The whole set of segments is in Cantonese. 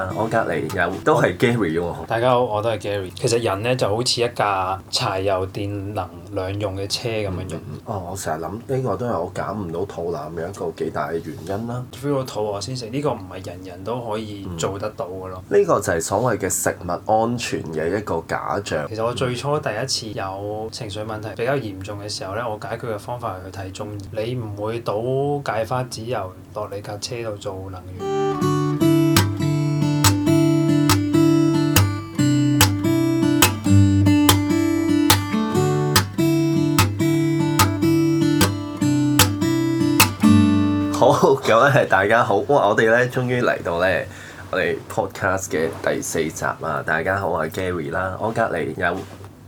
啊、我隔離有都係 Gary 喎、啊。大家好，我都係 Gary。其實人呢就好似一架柴油電能兩用嘅車咁樣樣、嗯嗯。哦，我成日諗呢個都係我減唔到肚腩嘅一個幾大嘅原因啦。feel 到肚餓先食，呢個唔係人人都可以做得到嘅咯。呢、嗯，這個就係所謂嘅食物安全嘅一個假象。其實我最初第一次有情緒問題比較嚴重嘅時候呢，我解決嘅方法係去睇中醫。你唔會倒芥花籽油落你架車度做能源。咁咧係大家好，哇！我哋咧終於嚟到咧我哋 Podcast 嘅第四集啦！大家好，我係 Gary 啦，我隔離有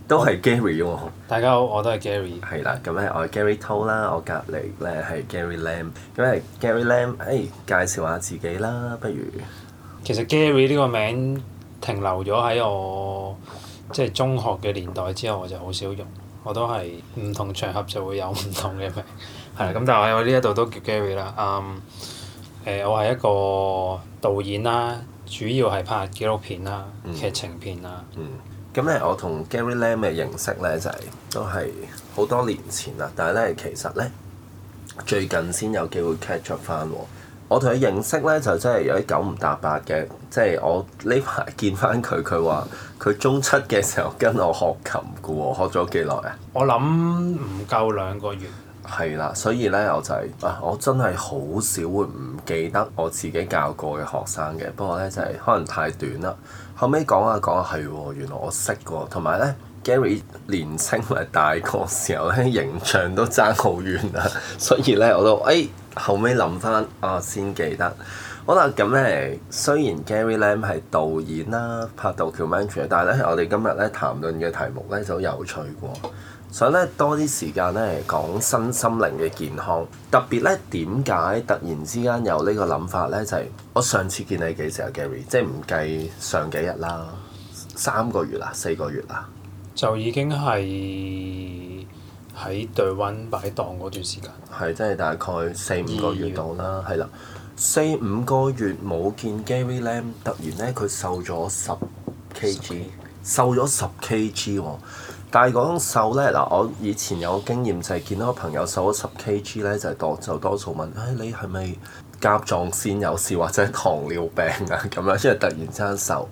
都係 Gary 喎。大家好，我，Gary，我都係 Gary、哦。係啦，咁咧我係 Gary To 啦，我隔離咧係 Gary Lam，咁係 Gary Lam，誒、哎、介紹下自己啦，不如。其實 Gary 呢個名停留咗喺我即係、就是、中學嘅年代之後，我就好少用，我都係唔同場合就會有唔同嘅名。係咁，但係我呢一度都叫 Gary 啦。誒、嗯呃，我係一個導演啦，主要係拍紀錄片啦、劇情片啦、嗯。嗯。咁咧，我同 Gary Lam 嘅認識咧，就係、是、都係好多年前啦。但係咧，其實咧，最近先有機會 catch up 翻、哦、喎。我同佢認識咧，就真係有啲九唔搭八嘅。即、就、係、是、我呢排見翻佢，佢話佢中七嘅時候跟我學琴嘅喎，我學咗幾耐啊？我諗唔夠兩個月。係啦，所以咧我就係啊，我真係好少會唔記得我自己教過嘅學生嘅。不過咧就係可能太短啦，後尾講下講下係喎，原來我識喎。同埋咧 Gary 年青同大個時候咧形象都爭好遠啊，所以咧我都哎，後尾諗翻啊先記得。好啦，咁係雖然 Gary Lam 係導演啦，拍 documentary，但係咧我哋今日咧談論嘅題目咧就好有趣喎。想咧多啲時間咧講身心靈嘅健康，特別咧點解突然之間有個呢個諗法咧？就係、是、我上次見你幾時啊，Gary，即係唔計上幾日啦，三個月啊，四個月啊，就已經係喺對温擺檔嗰段時間，係即係大概四五個月度啦，係月啦，四五個月冇見 Gary 咧，突然咧佢瘦咗十瘦 kg，瘦咗十 kg 喎。但係講瘦咧，嗱，我以前有個經驗就係、是、見到個朋友瘦咗十 Kg 咧，就多就多數問：誒、哎、你係咪甲狀腺有事或者糖尿病啊？咁樣即為即係突然間瘦。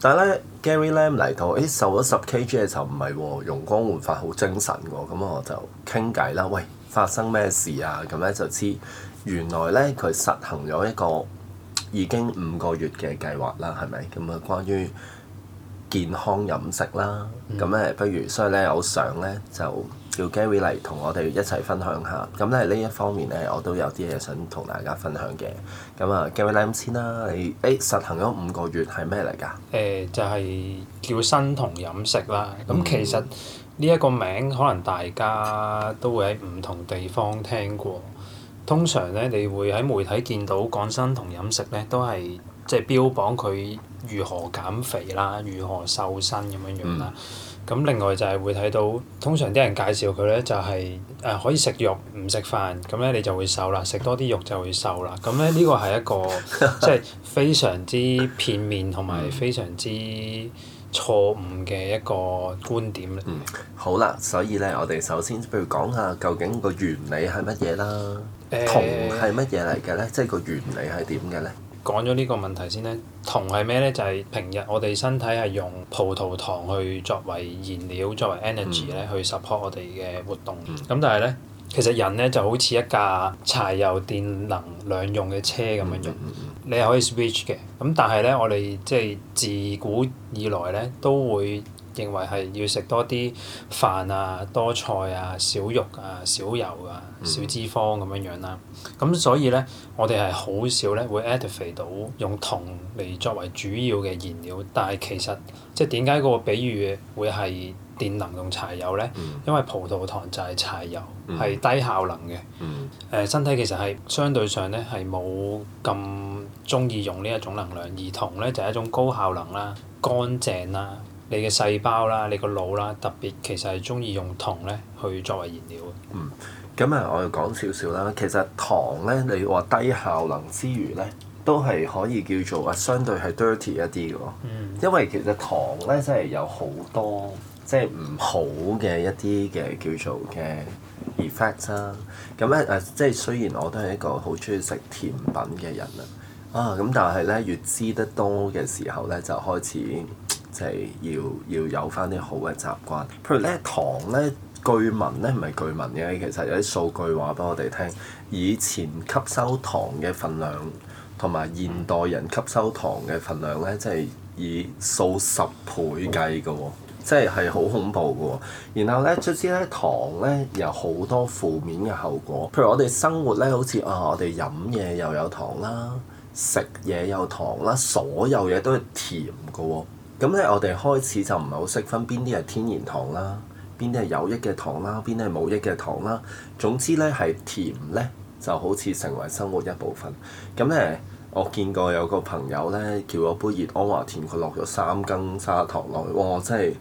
但係咧 Gary Lam 嚟到，誒、哎、瘦咗十 Kg 嘅就唔係喎，容光煥發，好精神喎，咁我就傾偈啦。喂，發生咩事啊？咁咧就知原來咧佢實行咗一個已經五個月嘅計劃啦，係咪？咁啊，關於。健康飲食啦，咁咧、嗯、不如，所以咧我想咧就叫 Gary 嚟同我哋一齊分享下。咁咧呢一方面咧，我都有啲嘢想同大家分享嘅。咁啊，Gary 嚟先啦、啊。你誒實行咗五個月係咩嚟㗎？誒、呃、就係、是、叫生酮飲食啦。咁、嗯、其實呢一個名可能大家都會喺唔同地方聽過。通常咧，你會喺媒體見到講生酮飲食咧，都係。即係標榜佢如何減肥啦，如何瘦身咁樣樣啦。咁、嗯、另外就係會睇到，通常啲人介紹佢咧就係、是、誒、呃、可以食肉唔食飯，咁咧你就會瘦啦。食多啲肉就會瘦啦。咁咧呢、這個係一個即係、就是、非常之片面同埋 非常之錯誤嘅一個觀點咧、嗯。好啦，所以咧我哋首先譬如講下究竟個原理係乜嘢啦？酮係乜嘢嚟嘅咧？即係、就是、個原理係點嘅咧？講咗呢個問題先咧，糖係咩咧？就係、是、平日我哋身體係用葡萄糖去作為燃料、作為 energy 咧去 support 我哋嘅活動。咁、嗯、但係咧，其實人咧就好似一架柴油電能兩用嘅車咁樣用，嗯、你係可以 switch 嘅。咁但係咧，我哋即係自古以來咧都會認為係要食多啲飯啊、多菜啊、少肉啊、少油啊、少脂肪咁樣樣啦。咁所以咧，我哋係好少咧會 atrophy 到用酮嚟作為主要嘅燃料。但係其實即係點解個比喻會係電能同柴油咧？因為葡萄糖就係柴油，係低效能嘅。誒、呃，身體其實係相對上咧係冇咁中意用呢一種能量，而酮咧就係、是、一種高效能啦、乾淨啦。你嘅細胞啦，你個腦啦，特別其實係中意用糖咧去作為燃料嘅。嗯，咁啊，我講少少啦。其實糖咧，你話低效能之餘咧，都係可以叫做啊，相對係 dirty 一啲嘅喎。嗯。因為其實糖咧，真係有好多即係唔好嘅一啲嘅叫做嘅 effect 啦、啊。咁咧誒，即係雖然我都係一個好中意食甜品嘅人啊。啊，咁但係咧，越知得多嘅時候咧，就開始。即係要要有返啲好嘅習慣，譬如咧糖咧，據聞咧唔係據聞嘅，其實有啲數據話俾我哋聽，以前吸收糖嘅份量同埋現代人吸收糖嘅份量咧，即係以數十倍計嘅喎、哦，即係係好恐怖嘅喎、哦。然後咧，總之咧糖咧有好多負面嘅後果，譬如我哋生活咧，好似啊，我哋飲嘢又有糖啦，食嘢有糖啦，所有嘢都係甜嘅喎、哦。咁咧，我哋開始就唔係好識分邊啲係天然糖啦，邊啲係有益嘅糖啦，邊啲係冇益嘅糖啦。總之咧，係甜咧就好似成為生活一部分。咁咧，我見過有個朋友咧，叫咗杯熱阿華田，佢落咗三羹砂糖落去，哇！真係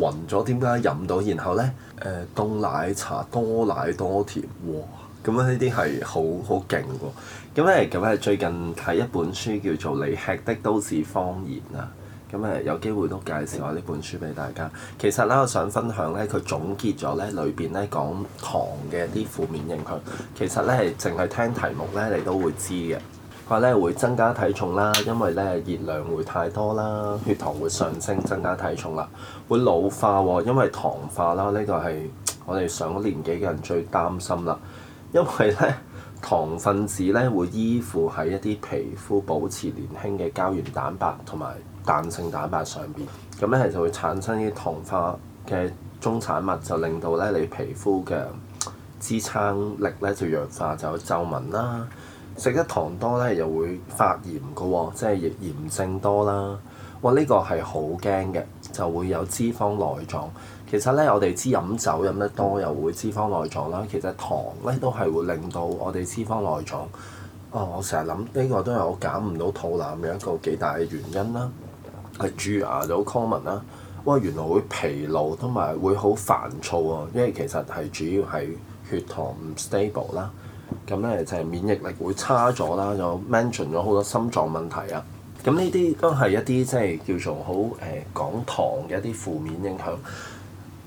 暈咗。點解飲到？然後咧，誒、呃、凍奶茶多奶多甜，哇！咁樣呢啲係好好勁喎。咁咧，咁咧最近睇一本書叫做《你吃的都是謊言》啊。咁誒、嗯、有機會都介紹下呢本書俾大家。其實咧，我想分享咧，佢總結咗咧裏邊咧講糖嘅啲負面影響。其實咧係淨係聽題目咧，你都會知嘅。佢話咧會增加體重啦，因為咧熱量會太多啦，血糖會上升，增加體重啦。會老化喎、哦，因為糖化啦，呢、這個係我哋上咗年紀嘅人最擔心啦。因為咧糖分子咧會依附喺一啲皮膚保持年輕嘅膠原蛋白同埋彈性蛋，蛋白上邊，咁咧係就會產生啲糖化嘅中產物，就令到咧你皮膚嘅支撐力咧就弱化，就有皺紋啦。食得糖多咧又會發炎㗎喎、哦，即係炎炎症多啦。哇、哦！呢、這個係好驚嘅，就會有脂肪內臟。其實咧，我哋知飲酒飲得多又會脂肪內臟啦。其實糖咧都係會令到我哋脂肪內臟。啊、哦！我成日諗呢個都係我減唔到肚腩嘅一個幾大嘅原因啦。係蛀牙、咗 common 啦，哇！原來會疲勞同埋會好煩躁啊，因為其實係主要係血糖唔 stable 啦。咁咧就係免疫力會差咗啦，就 mention 咗好多心臟問題啊。咁呢啲都係一啲即係叫做好，誒，講糖嘅一啲負面影響。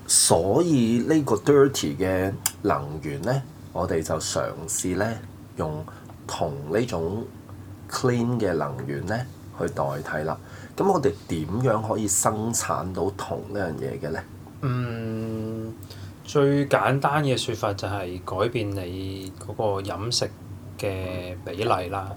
所以呢個 dirty 嘅能源咧，我哋就嘗試咧用同呢種 clean 嘅能源咧去代替啦。咁我哋點樣可以生產到酮呢樣嘢嘅咧？嗯，最簡單嘅說法就係改變你嗰個飲食嘅比例啦。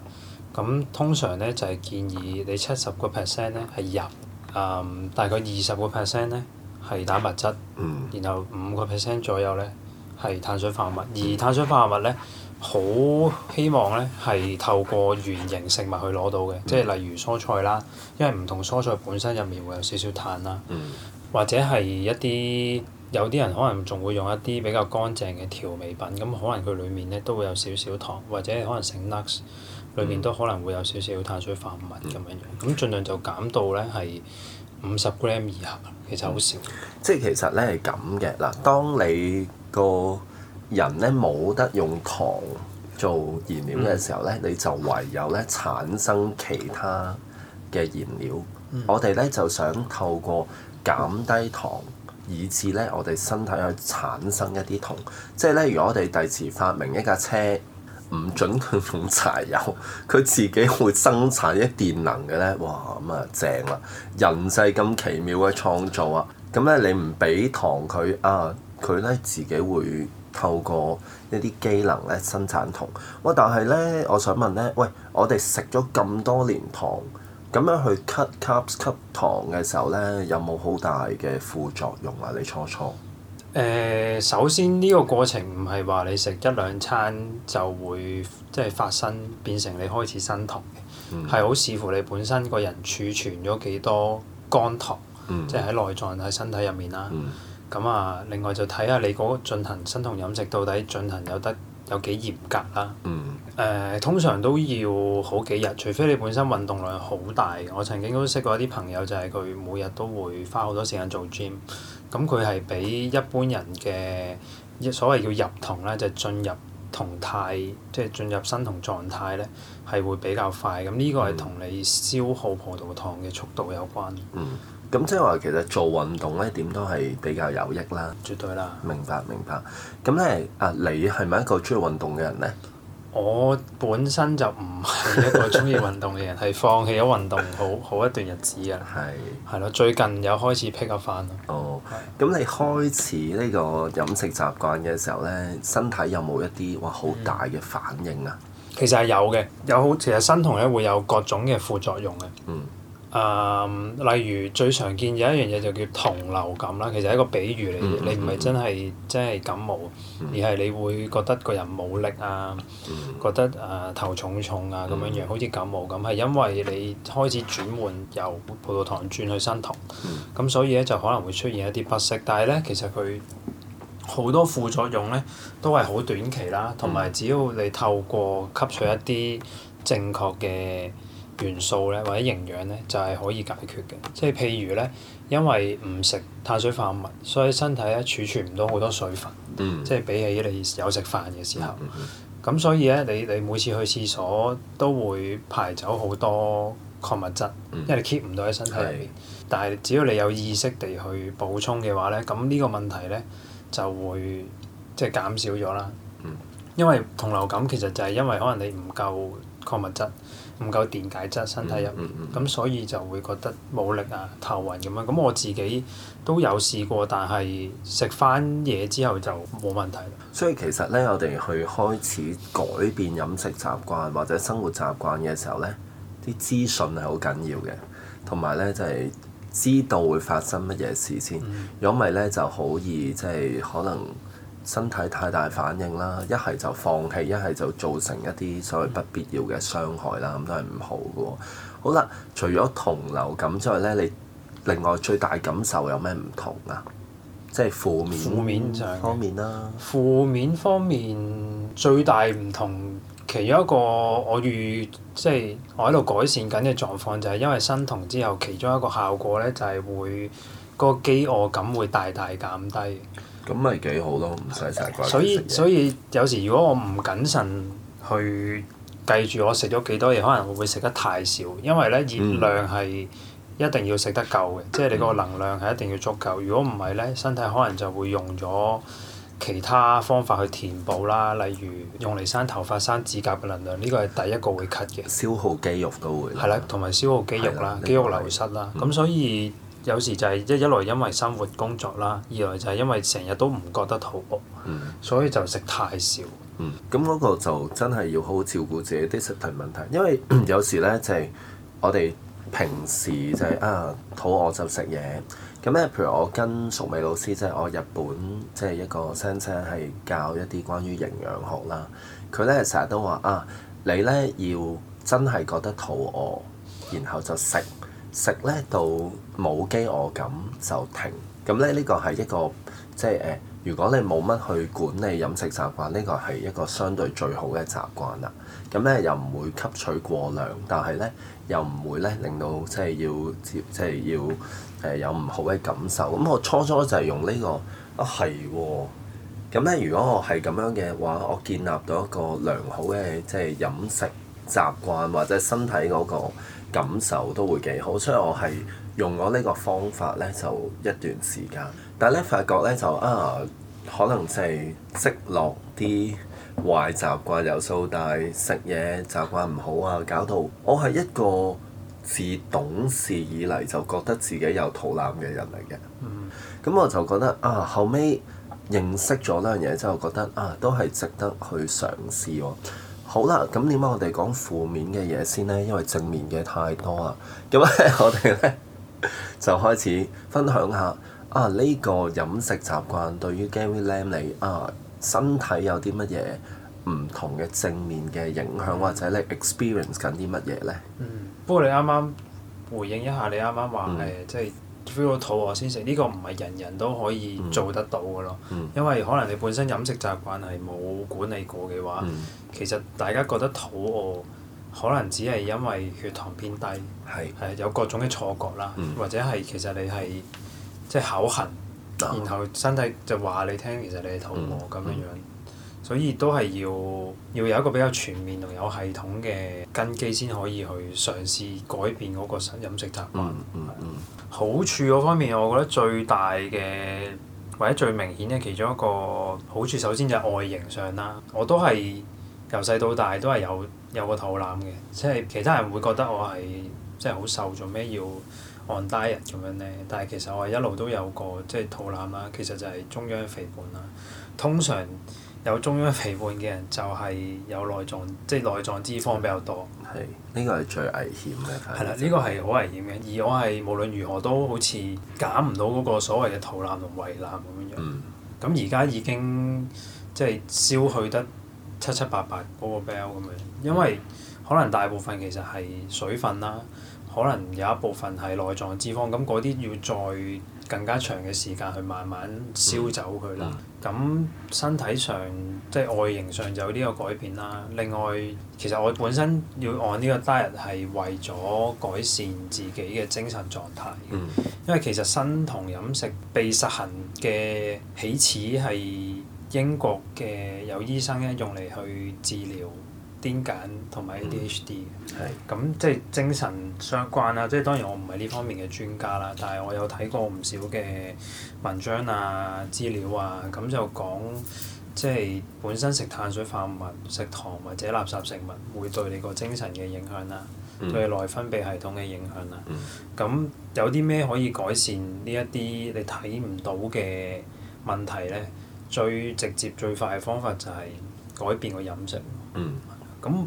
咁通常咧就係建議你七十個 percent 咧係油，誒、嗯、大概二十個 percent 咧係蛋白質，質嗯、然後五個 percent 左右咧係碳水化合物，而碳水化合物咧。好希望咧，係透過原形食物去攞到嘅，即係、嗯、例如蔬菜啦，因為唔同蔬菜本身入面會有少少碳啦，嗯、或者係一啲有啲人可能仲會用一啲比較乾淨嘅調味品，咁可能佢裡面咧都會有少少糖，或者可能食 nuts 裏面都可能會有少少碳水化合物咁樣樣，咁儘量就減到咧係五十 gram 以下，其實好少。嗯、即係其實咧係咁嘅，嗱，當你個人咧冇得用糖做燃料嘅時候咧，嗯、你就唯有咧產生其他嘅燃料。嗯、我哋咧就想透過減低糖，以致咧我哋身體去產生一啲酮。即係咧，如果我哋第時發明一架車，唔准佢用柴油，佢自己會生產一啲電能嘅咧，哇！咁啊正啦！人世咁奇妙嘅創造啊，咁咧你唔俾糖佢啊，佢咧自己會～透過一啲機能咧生產糖，喂！但係咧，我想問咧，喂，我哋食咗咁多年糖，咁樣去 cut carbs cut 糖嘅時候咧，有冇好大嘅副作用啊？你初初？誒、呃，首先呢、呢個過程唔係話你食一兩餐就會即係、就是、發生變成你開始生酮嘅，係好、嗯、視乎你本身個人儲存咗幾多肝糖，嗯、即係喺內臟喺身體入面啦。嗯嗯咁啊，另外就睇下你嗰個進行生酮飲食到底進行有得有幾嚴格啦、啊。誒、Mm hmm. 呃，通常都要好幾日，除非你本身運動量好大。我曾經都識過一啲朋友，就係、是、佢每日都會花好多時間做 gym。咁佢係比一般人嘅所謂叫入酮咧，就係、是、進入酮態，即係進入生酮狀態咧，係會比較快。咁呢個係同你消耗葡萄糖嘅速度有關。Mm hmm. 嗯咁、嗯、即係話其實做運動咧點都係比較有益啦。絕對啦。明白明白。咁咧啊，你係咪一個中意運動嘅人咧？我本身就唔係一個中意運動嘅人，係 放棄咗運動好好一段日子啊。係的。係咯，最近有開始 pick up 翻咯。哦。咁的你開始呢個飲食習慣嘅時候咧，身體有冇一啲哇好大嘅反應啊、嗯？其實係有嘅，有好，其實身同咧會有各種嘅副作用嘅。嗯。誒、嗯，例如最常見有一樣嘢就叫酮流感啦，其實係一個比喻嚟嘅，你唔係真係真係感冒，而係你會覺得個人冇力啊，覺得誒、呃、頭重重啊咁樣樣，嗯、好似感冒咁，係因為你開始轉換由葡萄糖轉去生酮咁、嗯、所以咧就可能會出現一啲不適，但係咧其實佢好多副作用咧都係好短期啦，同埋只要你透過吸取一啲正確嘅元素咧或者營養咧就係可以解決嘅，即係譬如咧，因為唔食碳水化合物，所以身體咧儲存唔到好多水分，嗯、即係比起你有食飯嘅時候，咁、嗯嗯、所以咧你你每次去廁所都會排走好多礦物質，嗯、因為你 keep 唔到喺身體裏面。是的 但係只要你有意識地去補充嘅話咧，咁呢個問題咧就會即係、就是、減少咗啦。嗯、因為酮流感其實就係因為可能你唔夠礦物質。唔夠電解質，身體入面咁、嗯嗯、所以就會覺得冇力啊、頭暈咁樣。咁我自己都有試過，但係食翻嘢之後就冇問題。所以其實咧，我哋去開始改變飲食習慣或者生活習慣嘅時候咧，啲資訊係好緊要嘅，同埋咧就係、是、知道會發生乜嘢事先。如果唔係咧，就好易即係、就是、可能。身體太大反應啦，一係就放棄，一係就造成一啲所謂不必要嘅傷害啦，咁都係唔好嘅喎。好啦，除咗酮流感之外咧，你另外最大感受有咩唔同啊？即係負面負面上方面啦。負面方面最大唔同，其中一個我遇即係我喺度改善緊嘅狀況，就係因為生酮之後，其中一個效果咧就係會嗰個飢餓感會大大減低。咁咪幾好咯，唔使成日掛住食嘢。所以所以有時如果我唔謹慎去計住我食咗幾多嘢，可能我會食得太少，因為咧熱量係一定要食得夠嘅，嗯、即係你個能量係一定要足夠。如果唔係咧，身體可能就會用咗其他方法去填補啦，例如用嚟生頭髮、生指甲嘅能量，呢個係第一個會 cut 嘅。消耗肌肉都會。係啦，同埋消耗肌肉啦，的肌肉流失啦，咁、嗯、所以。有時就係一一來因為生活工作啦，二來就係因為成日都唔覺得肚餓，嗯、所以就食太少。嗯，咁嗰個就真係要好好照顧自己啲食物問題，因為 有時呢就係、是、我哋平時就係、是、啊，肚餓就食嘢。咁呢，譬如我跟淑美老師，即、就、係、是、我日本即係、就是、一個 sensei 係教一啲關於營養學啦。佢呢成日都話啊，你呢要真係覺得肚餓，然後就食。食咧到冇飢餓感就停，咁咧呢個係一個即係誒，如果你冇乜去管理飲食習慣，呢個係一個相對最好嘅習慣啦。咁咧又唔會吸取過量，但係咧又唔會咧令到即係要接即係要誒、呃、有唔好嘅感受。咁我初初就係用呢個，啊係喎。咁咧，如果我係咁樣嘅話，我建立到一個良好嘅即係飲食習慣或者身體嗰個。感受都會幾好，所以我係用我呢個方法咧，就一段時間，但咧發覺咧就啊，可能就係積落啲壞習慣有數，但係食嘢習慣唔好啊，搞到我係一個自懂事以嚟就覺得自己有肚腩嘅人嚟嘅。嗯。咁我就覺得啊，後尾認識咗呢樣嘢之後，覺得啊，都係值得去嘗試喎。好啦，咁點解我哋講負面嘅嘢先呢？因為正面嘅太多啦。咁咧，我哋咧就開始分享下啊，呢個飲食習慣對於 Gary Lam 你啊身體有啲乜嘢唔同嘅正面嘅影響，嗯、或者你 experience 緊啲乜嘢呢？嗯，不過你啱啱回應一下你啱啱話誒，即係 feel 到肚餓先食，呢個唔係人人都可以做得到嘅咯。嗯、因為可能你本身飲食習慣係冇管理過嘅話。嗯。其實大家覺得肚餓，可能只係因為血糖偏低，係是有各種嘅錯覺啦，嗯、或者係其實你係即係口痕，嗯、然後身體就話你聽，其實你係肚餓咁樣、嗯、樣，所以都係要要有一個比較全面同有系統嘅根基，先可以去嘗試改變嗰個飲食習慣。嗯嗯、好處嗰方面，我覺得最大嘅或者最明顯嘅其中一個好處首先就係外形上啦，我都係。由細到大都係有有個肚腩嘅，即係其他人會覺得我係即係好瘦，做咩要 on diet 咁樣咧？但係其實我係一路都有個即係肚腩啦，其實就係中央肥胖啦。通常有中央肥胖嘅人就係有內臟，即係內臟脂肪比較多。係，呢個係最危險嘅。係啦，呢個係好危險嘅，而我係無論如何都好似減唔到嗰個所謂嘅肚腩同胃腩咁樣。嗯。咁而家已經即係消去得。七七八八嗰個 bel 咁樣，因為可能大部分其實係水分啦，可能有一部分係內臟脂肪，咁嗰啲要再更加長嘅時間去慢慢燒走佢啦。咁身體上即係外形上就有呢個改變啦。另外，其實我本身要按呢個 diet 係為咗改善自己嘅精神狀態，因為其實身同飲食被實行嘅起始係。英國嘅有醫生咧用嚟去治療癲癇同埋 ADHD，咁即係精神相關啦。即係當然我唔係呢方面嘅專家啦，但係我有睇過唔少嘅文章啊、資料啊，咁就講即係本身食碳水化合物、食糖或者垃圾食物會對你個精神嘅影響啦，嗯、對內分泌系統嘅影響啦。咁、嗯、有啲咩可以改善呢一啲你睇唔到嘅問題咧？最直接、最快嘅方法就係改變個飲食。嗯。咁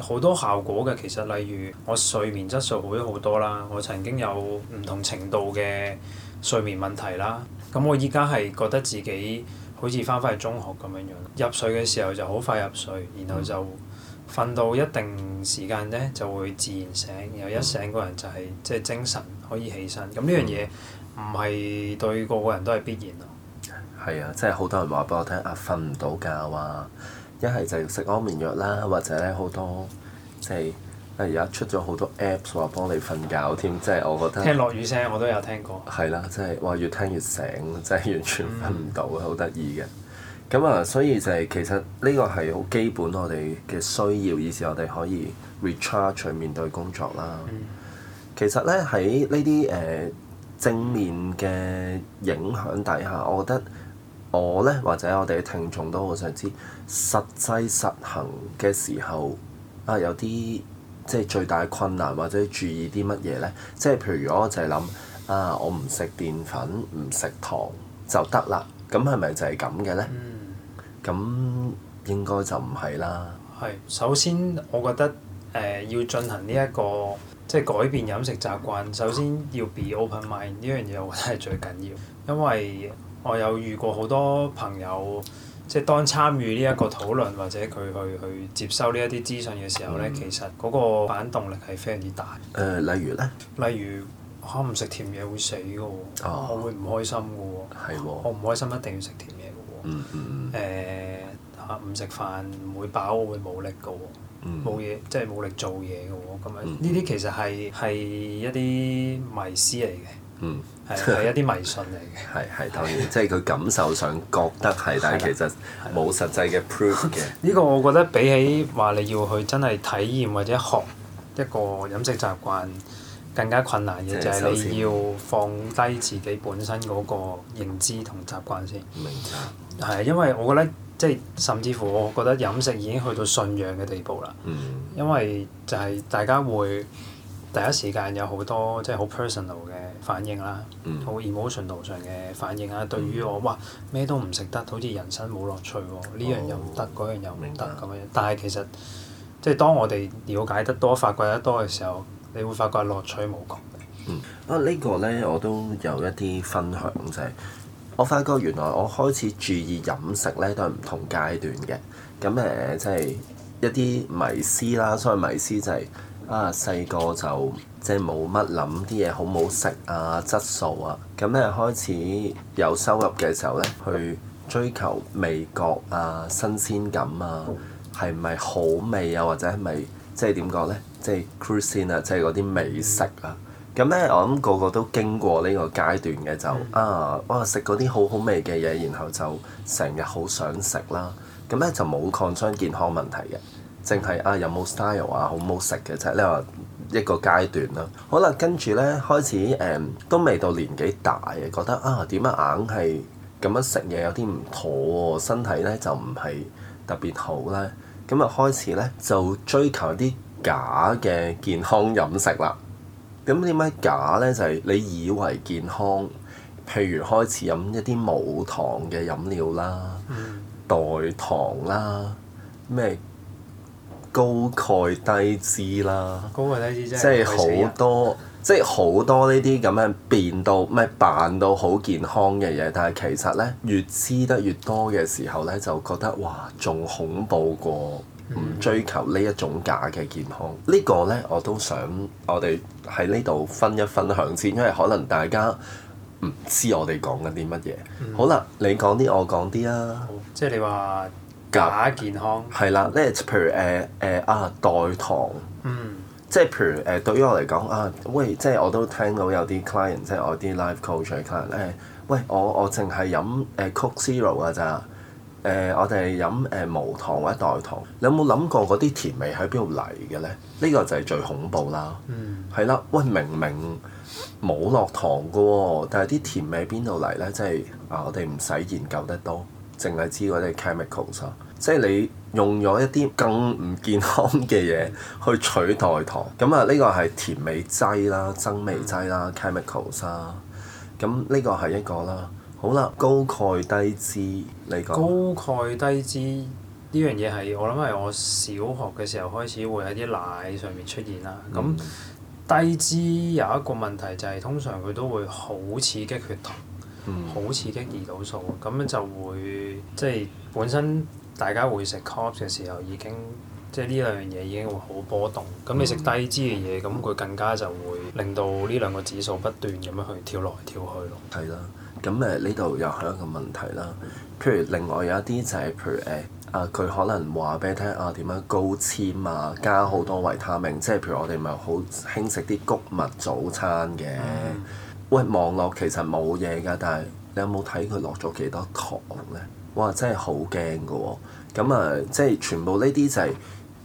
好多效果嘅，其實例如我睡眠質素好咗好多啦。我曾經有唔同程度嘅睡眠問題啦。咁我依家係覺得自己好似翻返去中學咁樣樣，入睡嘅時候就好快入睡，然後就瞓到一定時間咧就會自然醒，然後一醒個人就係即係精神可以起身。咁呢樣嘢唔係對個個人都係必然咯。係啊，即係好多人話俾我聽啊，瞓唔到覺啊，一係就食安眠藥啦，或者咧好多即係誒而家出咗好多 Apps 話幫你瞓覺添，即係我覺得聽落雨聲我都有聽過。係啦、啊，即係哇！越聽越醒，即係完全瞓唔到，好得意嘅。咁啊，所以就係、是、其實呢個係好基本我哋嘅需要，以至我哋可以 recharge 去面對工作啦。嗯、其實咧喺呢啲誒、呃、正面嘅影響底下，我覺得。我咧，或者我哋嘅聽眾都好想知實際實行嘅時候啊，有啲即係最大嘅困難，或者注意啲乜嘢咧？即係譬如如果我就係諗啊，我唔食澱粉、唔食糖就得、嗯、啦，咁係咪就係咁嘅咧？嗯。咁應該就唔係啦。係，首先我覺得誒、呃、要進行呢、這、一個即係改變飲食習慣，首先要 be open mind 呢樣嘢，我覺得係最緊要，因為。我有遇過好多朋友，即係當參與呢一個討論或者佢去去接收呢一啲資訊嘅時候咧，嗯、其實嗰個反動力係非常之大。誒、呃，例如咧？例如嚇，唔食甜嘢會死㗎喎，啊、我會唔開心㗎喎。哦、我唔開心，一定要食甜嘢㗎喎。嗯嗯，唔食飯唔會飽，我會冇力㗎喎。冇嘢即係冇力做嘢㗎喎，咁樣呢啲其實係係一啲迷思嚟嘅。嗯。係一啲迷信嚟嘅， 係係當然，即係佢感受上覺得係， 但係其實冇實際嘅 proof 嘅。呢個我覺得比起話你要去真係體驗或者學一個飲食習慣，更加困難嘅就係你要放低自己本身嗰個認知同習慣先。明㗎。係，因為我覺得即係甚至乎，我覺得飲食已經去到信仰嘅地步啦。嗯。因為就係大家會，第一時間有好多即係好 personal 嘅反應啦，好、嗯、emotional 上嘅反應啦。嗯、對於我，哇咩都唔食得，好似人生冇樂趣喎。呢、嗯、樣又唔得，嗰、哦、樣又唔得咁樣。但係其實即係當我哋瞭解得多、發掘得多嘅時候，你會發覺樂趣無窮。嗯，啊、這個、呢個咧我都有一啲分享就係、是，我發覺原來我開始注意飲食咧都係唔同階段嘅。咁誒即係一啲迷思啦，所謂迷思就係、是。啊！細個就即係冇乜諗啲嘢好唔好食啊、質素啊，咁咧開始有收入嘅時候咧，去追求味覺啊、新鮮感啊，係咪好味啊，或者係咪即係點講咧？即係 cuisine，即係嗰啲美食啊。咁咧，我諗個個都經過呢個階段嘅，就、嗯、啊哇食嗰啲好好味嘅嘢，然後就成日好想食啦、啊。咁咧就冇擴張健康問題嘅。淨係啊！有冇 style 啊？好唔好食嘅啫。你、就、話、是、一個階段啦。好啦，跟住咧開始誒、嗯，都未到年紀大嘅，覺得啊點解硬係咁樣食嘢有啲唔妥喎、哦？身體咧就唔係特別好咧。咁啊開始咧就追求啲假嘅健康飲食啦。咁點解假咧？就係、是、你以為健康，譬如開始飲一啲冇糖嘅飲料啦，嗯、代糖啦，咩？高鈣低脂啦，高鈣低脂即係即係好多， 即係好多呢啲咁樣變到咩，扮到好健康嘅嘢，但係其實咧越知得越多嘅時候咧，就覺得哇仲恐怖過唔追求呢一種假嘅健康。嗯嗯、個呢個咧我都想我哋喺呢度分一分享先，因為可能大家唔知我哋講緊啲乜嘢。嗯、好啦，你講啲，我講啲啊。即係你話。假健康係啦，咧譬如誒誒、呃呃、啊代糖，嗯，mm. 即係譬如誒、呃、對於我嚟講啊，喂，即係我都聽到有啲 client，即係我啲 Life Coach client 誒、呃，喂，我我淨係飲誒 Coke Zero 㗎咋？誒，我哋飲誒無糖或者代糖，你有冇諗過嗰啲甜味喺邊度嚟嘅咧？呢、這個就係最恐怖啦。嗯。係啦，喂，明明冇落糖嘅喎、哦，但係啲甜味喺邊度嚟咧？即係啊，我哋唔使研究得多。淨係知嗰啲 chemicals，即係你用咗一啲更唔健康嘅嘢去取代糖，咁啊呢個係甜味劑啦、增味劑啦、嗯、chemicals 啊，咁呢個係一個啦。好啦，高鈣低脂嚟講，你高鈣低脂呢樣嘢係我諗係我小學嘅時候開始會喺啲奶上面出現啦。咁、嗯、低脂有一個問題就係、是、通常佢都會好刺激血糖。好、嗯、刺激胰島素，咁樣就會即係本身大家會食 carbs 嘅時候已經，即係呢兩樣嘢已經會好波動。咁、嗯、你食低脂嘅嘢，咁佢、嗯、更加就會令到呢兩個指數不斷咁樣去跳嚟跳去咯。係啦，咁誒呢度又係一個問題啦。譬如另外有一啲就係、是、譬如誒、呃、啊，佢可能話俾你聽啊點樣高纖啊，加好多維他命，即係譬如我哋咪好興食啲穀物早餐嘅。嗯喂，網絡其實冇嘢㗎，但係你有冇睇佢落咗幾多糖咧？哇，真係好驚㗎喎！咁啊，即係全部、就係、呢啲就係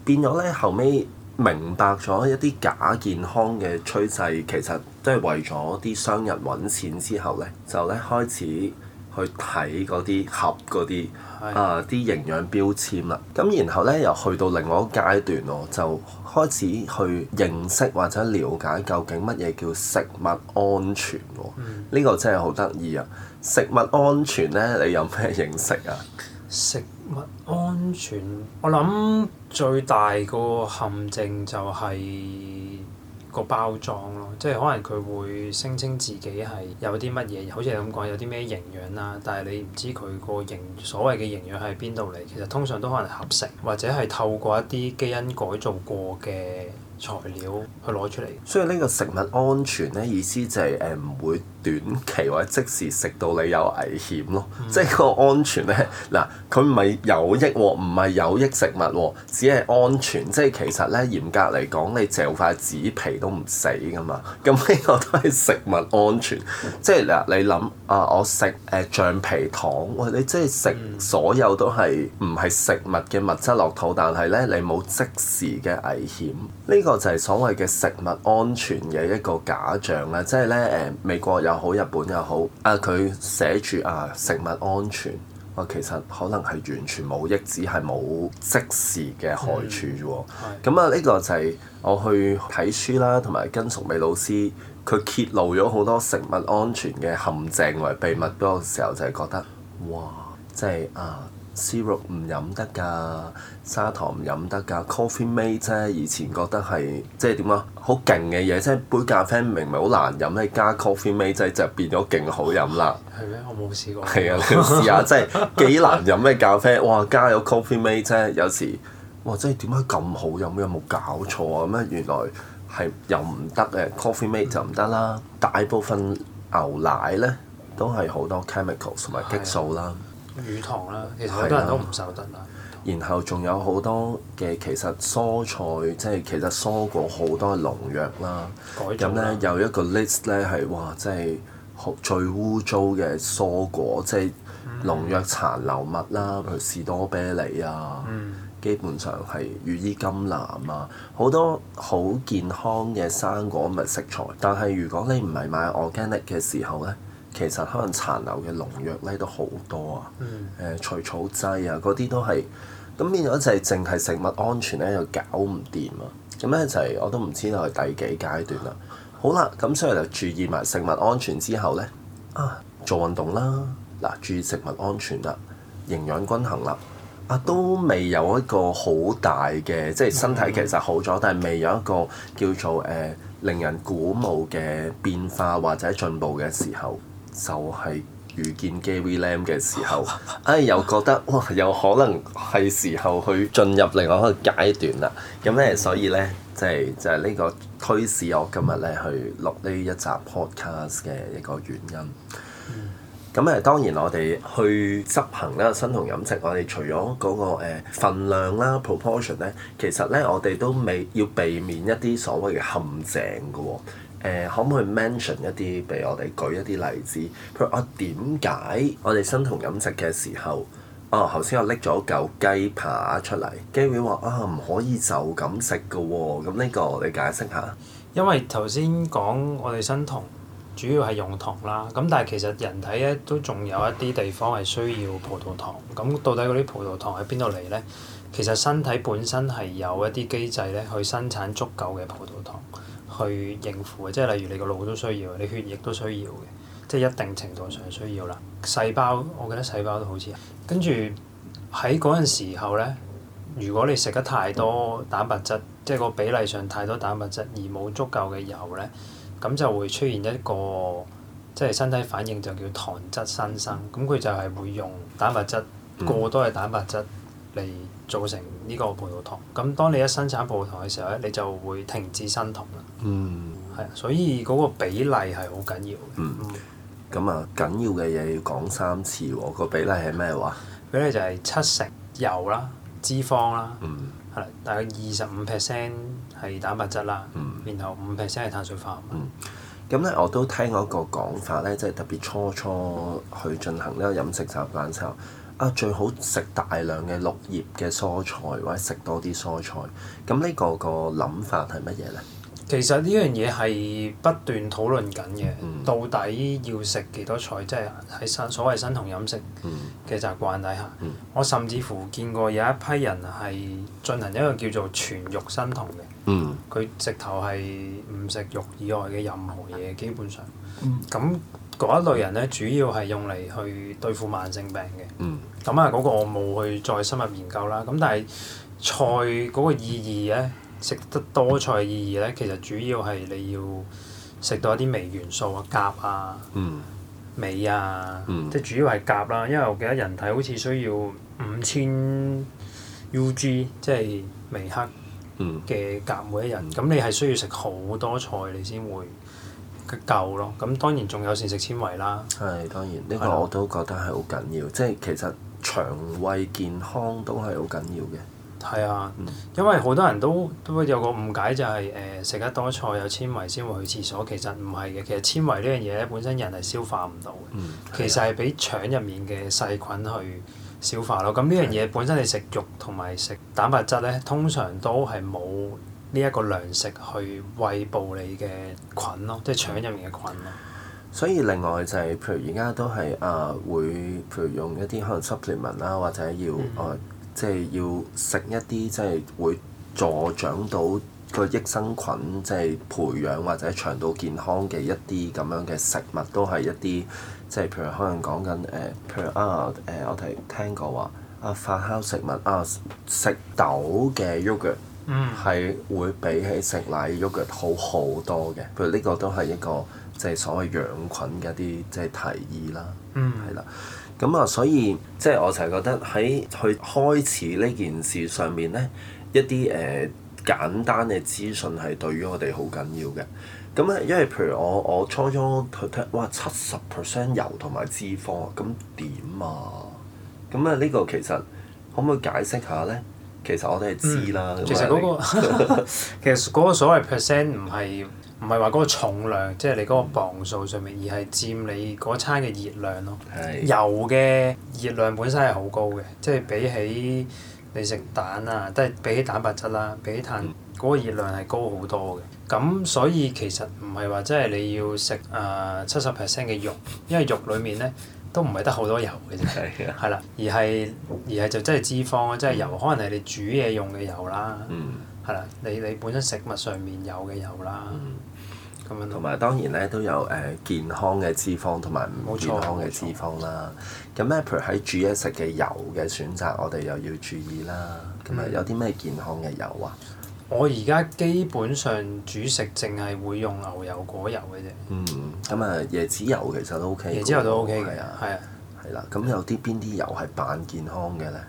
變咗咧。後尾明白咗一啲假健康嘅趨勢，其實都係為咗啲商人揾錢之後咧，就咧開始。去睇嗰啲盒嗰啲啊，啲營養標籤啦，咁然後咧又去到另外一個階段咯，就開始去認識或者了解究竟乜嘢叫食物安全喎？呢、嗯、個真係好得意啊！食物安全咧，你有咩認識啊？食物安全，我諗最大個陷阱就係個包裝咯。即係可能佢會聲稱自己係有啲乜嘢，好似你咁講有啲咩營養啦，但係你唔知佢個營所謂嘅營養係邊度嚟，其實通常都可能合成或者係透過一啲基因改造過嘅材料去攞出嚟。所以呢個食物安全呢，意思就係誒唔會。短期或者即時食到你有危險咯，嗯、即係個安全咧。嗱，佢唔係有益喎、哦，唔係有益食物喎、哦，只係安全。即係其實咧，嚴格嚟講，你嚼塊紙皮都唔死噶嘛。咁呢個都係食物安全。嗯、即係嗱，你諗啊，我食誒橡、呃、皮糖，喂、呃，你即係食所有都係唔係食物嘅物質落肚，但係咧你冇即時嘅危險，呢、這個就係所謂嘅食物安全嘅一個假象啦，即係咧誒美國。又好日本又好，啊佢寫住啊食物安全，啊其實可能係完全冇益，只係冇即時嘅害處啫喎。咁、嗯、啊呢、這個就係我去睇書啦，同埋跟崇美老師，佢揭露咗好多食物安全嘅陷阱同秘密，都有時候就係、是、覺得，哇！即、就、係、是、啊～syrup 唔飲得㗎，砂糖唔飲得㗎，coffee mate 啫、呃。以前覺得係即係點啊？好勁嘅嘢，即係杯咖啡明明好難飲，你加 coffee mate 就變咗勁好飲啦。係咩？我冇試過。係啊，你試下即係幾難飲嘅咖啡，哇！加咗 coffee mate 啫，made，有時哇，即係點解咁好飲？有冇搞錯啊？咩原來係又唔得嘅 coffee mate、嗯、就唔得啦。大部分牛奶咧都係好多 chemical 同埋激素啦。魚塘啦，其實好多人都唔受得啦。的糖然後仲有好多嘅，其實蔬菜即係其實蔬果好多係農藥啦。咁咧有一個 list 咧係哇，即係最污糟嘅蔬果，即係農藥殘留物啦，譬、嗯、如士多啤梨啊。嗯、基本上係羽衣甘藍啊，好多好健康嘅生果物食材。但係如果你唔係買 organic 嘅時候咧，其實可能殘留嘅農藥咧都好多啊，誒、嗯呃、除草劑啊嗰啲都係，咁變咗就係淨係食物安全咧又搞唔掂啊，咁咧就係、是、我都唔知係第幾階段啦。好啦，咁所以就注意埋食物安全之後咧，啊做運動啦，嗱注意食物安全啦，營養均衡啦，啊都未有一個好大嘅即係身體其實好咗，嗯、但係未有一個叫做誒、呃、令人鼓舞嘅變化或者進步嘅時候。就係遇見 Gary Lam 嘅時候， 哎，又覺得哇，又可能係時候去進入另外一個階段啦。咁咧，所以咧，即係就係呢個推使我今日咧去錄呢一集 podcast 嘅一個原因。咁誒， 當然我哋去執行一個生酮飲食，我哋除咗嗰個呃份量啦，proportion 咧，其實咧我哋都未要避免一啲所謂嘅陷阱㗎喎。誒、呃、可唔可以 mention 一啲俾我哋舉一啲例子？譬如、啊、我點解我哋生酮飲食嘅時候，哦、啊，頭先我拎咗嚿雞扒出嚟，機會話啊唔可以就咁食嘅喎，咁呢個我哋解釋下。因為頭先講我哋生酮主要係用糖啦，咁但係其實人體咧都仲有一啲地方係需要葡萄糖。咁到底嗰啲葡萄糖喺邊度嚟呢？其實身體本身係有一啲機制咧去生產足夠嘅葡萄糖。去應付嘅，即係例如你個腦都需要，你血液都需要嘅，即係一定程度上需要啦。細胞，我記得細胞都好似跟住喺嗰陣時候咧，如果你食得太多蛋白質，嗯、即係個比例上太多蛋白質而冇足夠嘅油咧，咁就會出現一個即係身體反應就叫糖質新生。咁佢、嗯、就係會用蛋白質過多嘅蛋白質嚟造成。呢個葡萄糖，咁當你一生產葡萄糖嘅時候咧，你就會停止生酮啦。嗯。係啊，所以嗰個比例係好緊要嘅。嗯。咁啊、嗯，緊要嘅嘢要講三次喎，個比例係咩話？比例就係七成油啦，脂肪啦。嗯。係啦，大概二十五 percent 係蛋白質啦。嗯、然後五 percent 係碳水化合物。嗯。咁咧，我都聽過一個講法咧，即係特別初初去進行呢個飲食習慣時候。啊！最好食大量嘅綠葉嘅蔬菜，或者食多啲蔬菜。咁呢、呢個、嗰個諗法係乜嘢呢？其實呢樣嘢係不斷討論緊嘅。嗯、到底要食幾多菜？即係喺生所謂生酮飲食嘅習慣底下，嗯嗯、我甚至乎見過有一批人係進行一個叫做「全肉生酮」嘅、嗯。佢直頭係唔食肉以外嘅任何嘢，基本上。咁嗰、嗯、一類人咧，主要係用嚟去對付慢性病嘅。嗯咁啊，嗰個我冇去再深入研究啦。咁但係菜嗰個意義咧，食得多菜嘅意義咧，其實主要係你要食到一啲微元素啊，鉀、嗯、啊、鎂啊、嗯，即係主要係鉀啦。因為我記得人體好似需要五千 Ug，即係微克嘅鉀，每一日。咁、嗯嗯、你係需要食好多菜你，你先會夠咯。咁當然仲有膳食纖維啦。係當然，呢、呢個我都覺得係好緊要。的即係其實。腸胃健康都係好緊要嘅。係啊，嗯、因為好多人都都有個誤解就係、是、誒、呃、食得多菜有纖維先會去廁所，其實唔係嘅。其實纖維呢樣嘢咧，本身人係消化唔到嘅。嗯啊、其實係俾腸入面嘅細菌去消化咯。咁呢樣嘢本身你食肉同埋食蛋白質咧，通常都係冇呢一個糧食去餵哺你嘅菌咯，嗯、即係腸入面嘅菌咯。所以另外就係、是、譬如而家都係啊會，譬如用一啲可能 supplement 啦，或者要啊，即係、嗯呃就是、要食一啲即係會助長到個益生菌，即、就、係、是、培養或者腸道健康嘅一啲咁樣嘅食物，都係一啲即係譬如可能講緊誒，譬如啊誒、呃，我哋聽過話啊發酵食物啊食豆嘅 yogurt 係、嗯、會比起食奶 yogurt 好好多嘅，譬如呢個都係一個。即係所謂養菌嘅一啲即係提議啦，係啦、嗯，咁啊，所以即係我成日覺得喺去開始呢件事上面咧，一啲誒、呃、簡單嘅資訊係對於我哋好緊要嘅。咁啊，因為譬如我我初初去聽話七十 percent 油同埋脂肪，咁點啊？咁啊，呢個其實可唔可以解釋下咧？其實我哋係知啦。嗯、其實嗰、嗰個、 其實嗰個所謂 percent 唔係。唔係話嗰個重量，即係你嗰個磅數上面，而係佔你嗰餐嘅熱量咯。是的 油嘅熱量本身係好高嘅，即係比起你食蛋啊，都係比起蛋白質啦、啊，比起碳嗰個熱量係高好多嘅。咁所以其實唔係話即係你要食誒七十 percent 嘅肉，因為肉裡面咧都唔係得好多油嘅啫，係啦，而係而係就真係脂肪，即係油，嗯、可能係你煮嘢用嘅油啦，係啦、嗯，你你本身食物上面有嘅油啦。嗯嗯。同埋當然咧都有誒、呃、健康嘅脂肪同埋唔健康嘅脂肪啦。咁誒譬如喺煮嘢食嘅油嘅選擇，我哋又要注意啦。咁啊、嗯，有啲咩健康嘅油啊？我而家基本上煮食淨係會用牛油果油嘅啫。嗯，咁啊，椰子油其實都 OK。椰子油都 OK 嘅，係啊，係啦。咁有啲邊啲油係扮健康嘅咧？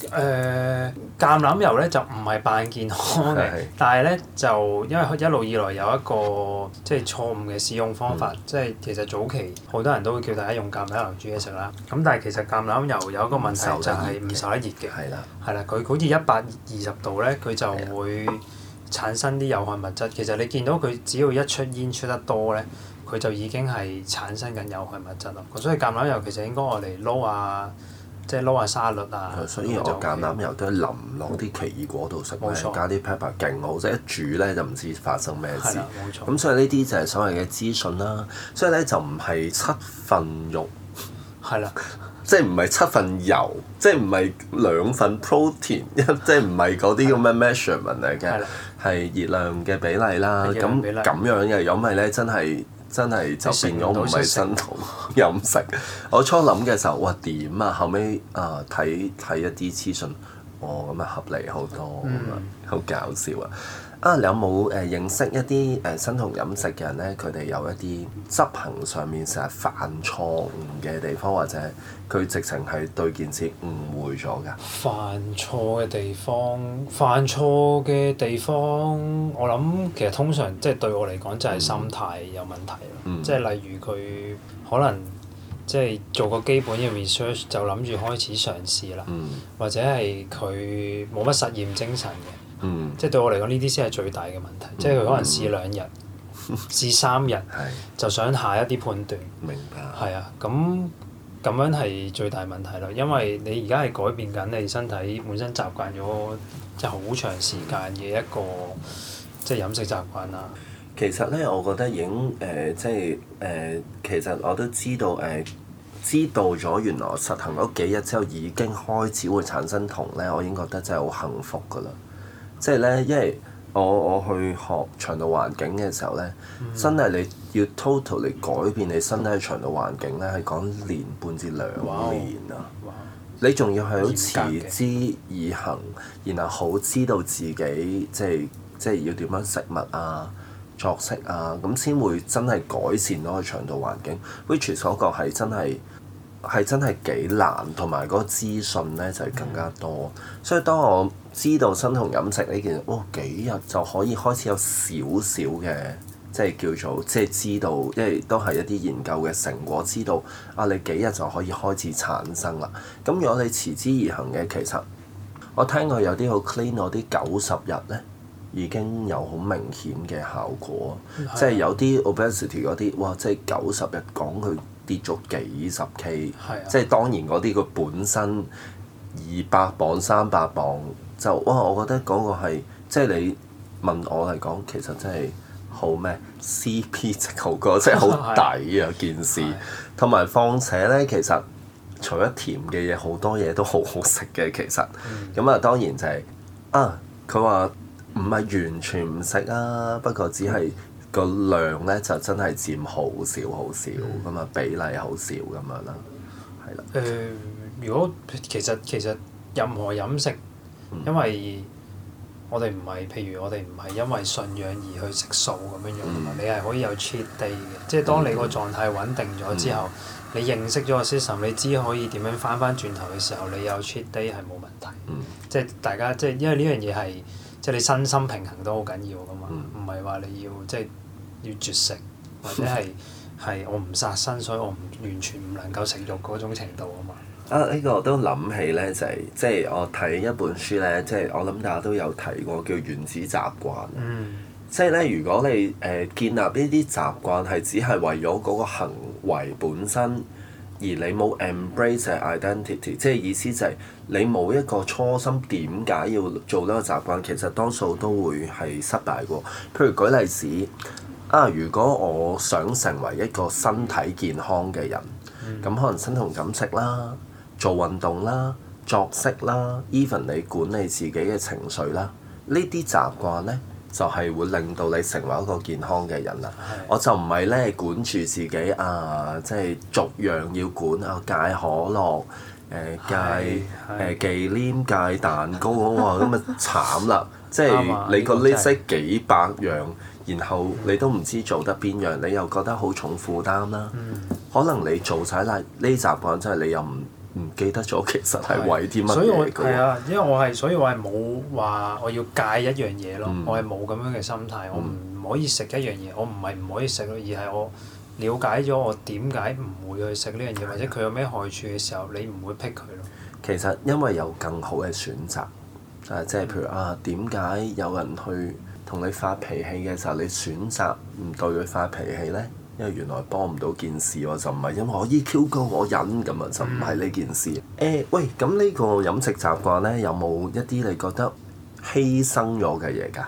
誒、呃、橄欖油咧就唔係扮健康嘅，是的是但係咧，就因為一路以來有一個即係錯誤嘅使用方法，嗯、即係其實早期好多人都會叫大家用橄欖油煮嘢食啦。咁但係其實橄欖油有一個問題，就係唔受得熱嘅，係啦，係啦是的，佢好似一百二十度咧，佢就會產生啲有害物質。其實你見到佢只要一出煙出得多咧，佢就已經係產生緊有害物質咯。所以橄欖油其實應該我哋撈啊～即係撈下沙律啊！係、嗯，所以我橄欖油都淋落啲奇異果度食，加啲 pepper 勁好食。一煮咧就唔知發生咩事。係啦，冇錯。咁所以呢啲就係所謂嘅資訊啦。所以咧就唔係七份肉，係啦的，即係唔係七份油，即係唔係兩份 protein，即係唔係嗰啲咁嘅 measurement 嚟嘅，係的熱量嘅比例啦。咁咁樣嘅，如果唔係咧，真係～真係就變咗唔係生酮飲食。 我初諗嘅時候，哇點啊！後尾啊睇睇一啲資訊，哦，咁啊合理好多，咁啊、嗯、好搞笑啊！啊！你有冇誒、呃、認識一啲誒、呃、生酮飲食嘅人咧？佢哋有一啲執行上面成日犯錯誤嘅地方，或者佢直情係對件事誤會咗嘅。犯錯嘅地方，犯錯嘅地方，我諗其實通常即係對我嚟講就係心態有問題咯、嗯嗯。即係例如佢可能即係做個基本嘅 research 就諗住開始嘗試啦，嗯、或者係佢冇乜實驗精神嘅。嗯，即係對我嚟講，呢啲先係最大嘅問題。嗯、即係佢可能試兩日，嗯、試三日， 就想下一啲判斷。明白。係啊，咁咁樣係最大問題啦，因為你而家係改變緊你身體本身習慣咗，即係好長時間嘅一個即係飲食習慣啦。其實咧，我覺得已經誒、呃，即係誒、呃，其實我都知道誒、呃，知道咗原來我實行咗幾日之後已經開始會產生酮咧，我已經覺得真係好幸福㗎啦。即係咧，因為我我去學腸道環境嘅時候咧，嗯、真係你要 total 嚟改變你身體嘅腸道環境咧，係講年半至兩年啊！你仲要係好持之以恆，然後好知道自己即係即係要點樣食物啊、作息啊，咁先會真係改善到個腸道環境。which 所覺係真係。係真係幾難，同埋嗰個資訊咧就係更加多。所以當我知道生酮飲食呢件事，事，幾日就可以開始有少少嘅，即係叫做即係知道，即係都係一啲研究嘅成果，知道啊你幾日就可以開始產生啦。咁如果你持之而行嘅，其實我聽過有啲好 clean 啲九十日咧，已經有好明顯嘅效果，嗯、即係有啲 obesity 嗰啲，哇即係九十日講佢。跌咗幾十 K，啊、即係當然嗰啲佢本身二百磅三百磅就哇！我覺得嗰個係即係你問我嚟講，其實真係好咩 CP 值好高，即係好抵啊件事。同埋況且呢，其實除咗甜嘅嘢，多好多嘢都好好食嘅。其實咁啊，嗯、當然就係、是、啊，佢話唔係完全唔食啊，不過只係。嗯個量咧就真係佔好少好少噶嘛，嗯、比例好少咁樣啦，係啦。誒，如果其實其實任何飲食，嗯、因為我哋唔係譬如我哋唔係因為信仰而去食素咁樣樣啊，嗯、你係可以有 cheat day 嘅。嗯、即係當你個狀態穩定咗之後，嗯、你認識咗個 system，你知可以點樣翻翻轉頭嘅時候，你有 cheat day 係冇問題、嗯即。即係大家即係因為呢樣嘢係即係你身心平衡都好緊要噶嘛，唔係話你要即係。要絕食，或者係係我唔殺身，所以我唔完全唔能夠食肉嗰種程度啊嘛。啊！呢個我都諗起咧，就係即係我睇一本書咧，即係我諗大家都有提過叫原子習慣。嗯。即係咧，如果你誒、呃、建立呢啲習慣係只係為咗嗰個行為本身，而你冇 embrace identity，即係意思就係你冇一個初心，點解要做呢個習慣？其實多數都會係失敗過。譬如舉例子。啊！如果我想成為一個身體健康嘅人，咁、嗯、可能生酮飲食啦、做運動啦、作息啦、even 你管理自己嘅情緒啦，呢啲習慣呢，就係、是、會令到你成為一個健康嘅人啦。是的 我就唔係呢，管住自己啊，即、就、係、是、逐樣要管啊，戒可樂、啊戒的戒啊、戒忌廉、戒蛋糕啊，咁啊慘啦！即、就、係、是、你個 list 幾百樣。然後你都唔知做得邊樣，你又覺得好重負擔啦。嗯、可能你做晒啦呢習慣，真係你又唔唔記得咗其實係為啲乜嘢嘅喎。係啊，的因為我係所以我係冇話我要戒一樣嘢咯、嗯。我係冇咁樣嘅心態，我唔可以食一樣嘢，我唔係唔可以食咯，而係我了解咗我點解唔會去食呢樣嘢，的或者佢有咩害處嘅時候，你唔會劈佢咯。其實因為有更好嘅選擇，誒即係譬如、嗯、啊，點解有人去，同你發脾氣嘅時候，你選擇唔對佢發脾氣呢？因為原來幫唔到件事喎，就唔係因為我 EQ 高，我忍咁啊，就唔係呢件事。誒、嗯欸，喂，咁呢個飲食習慣呢，有冇一啲你覺得犧牲咗嘅嘢㗎？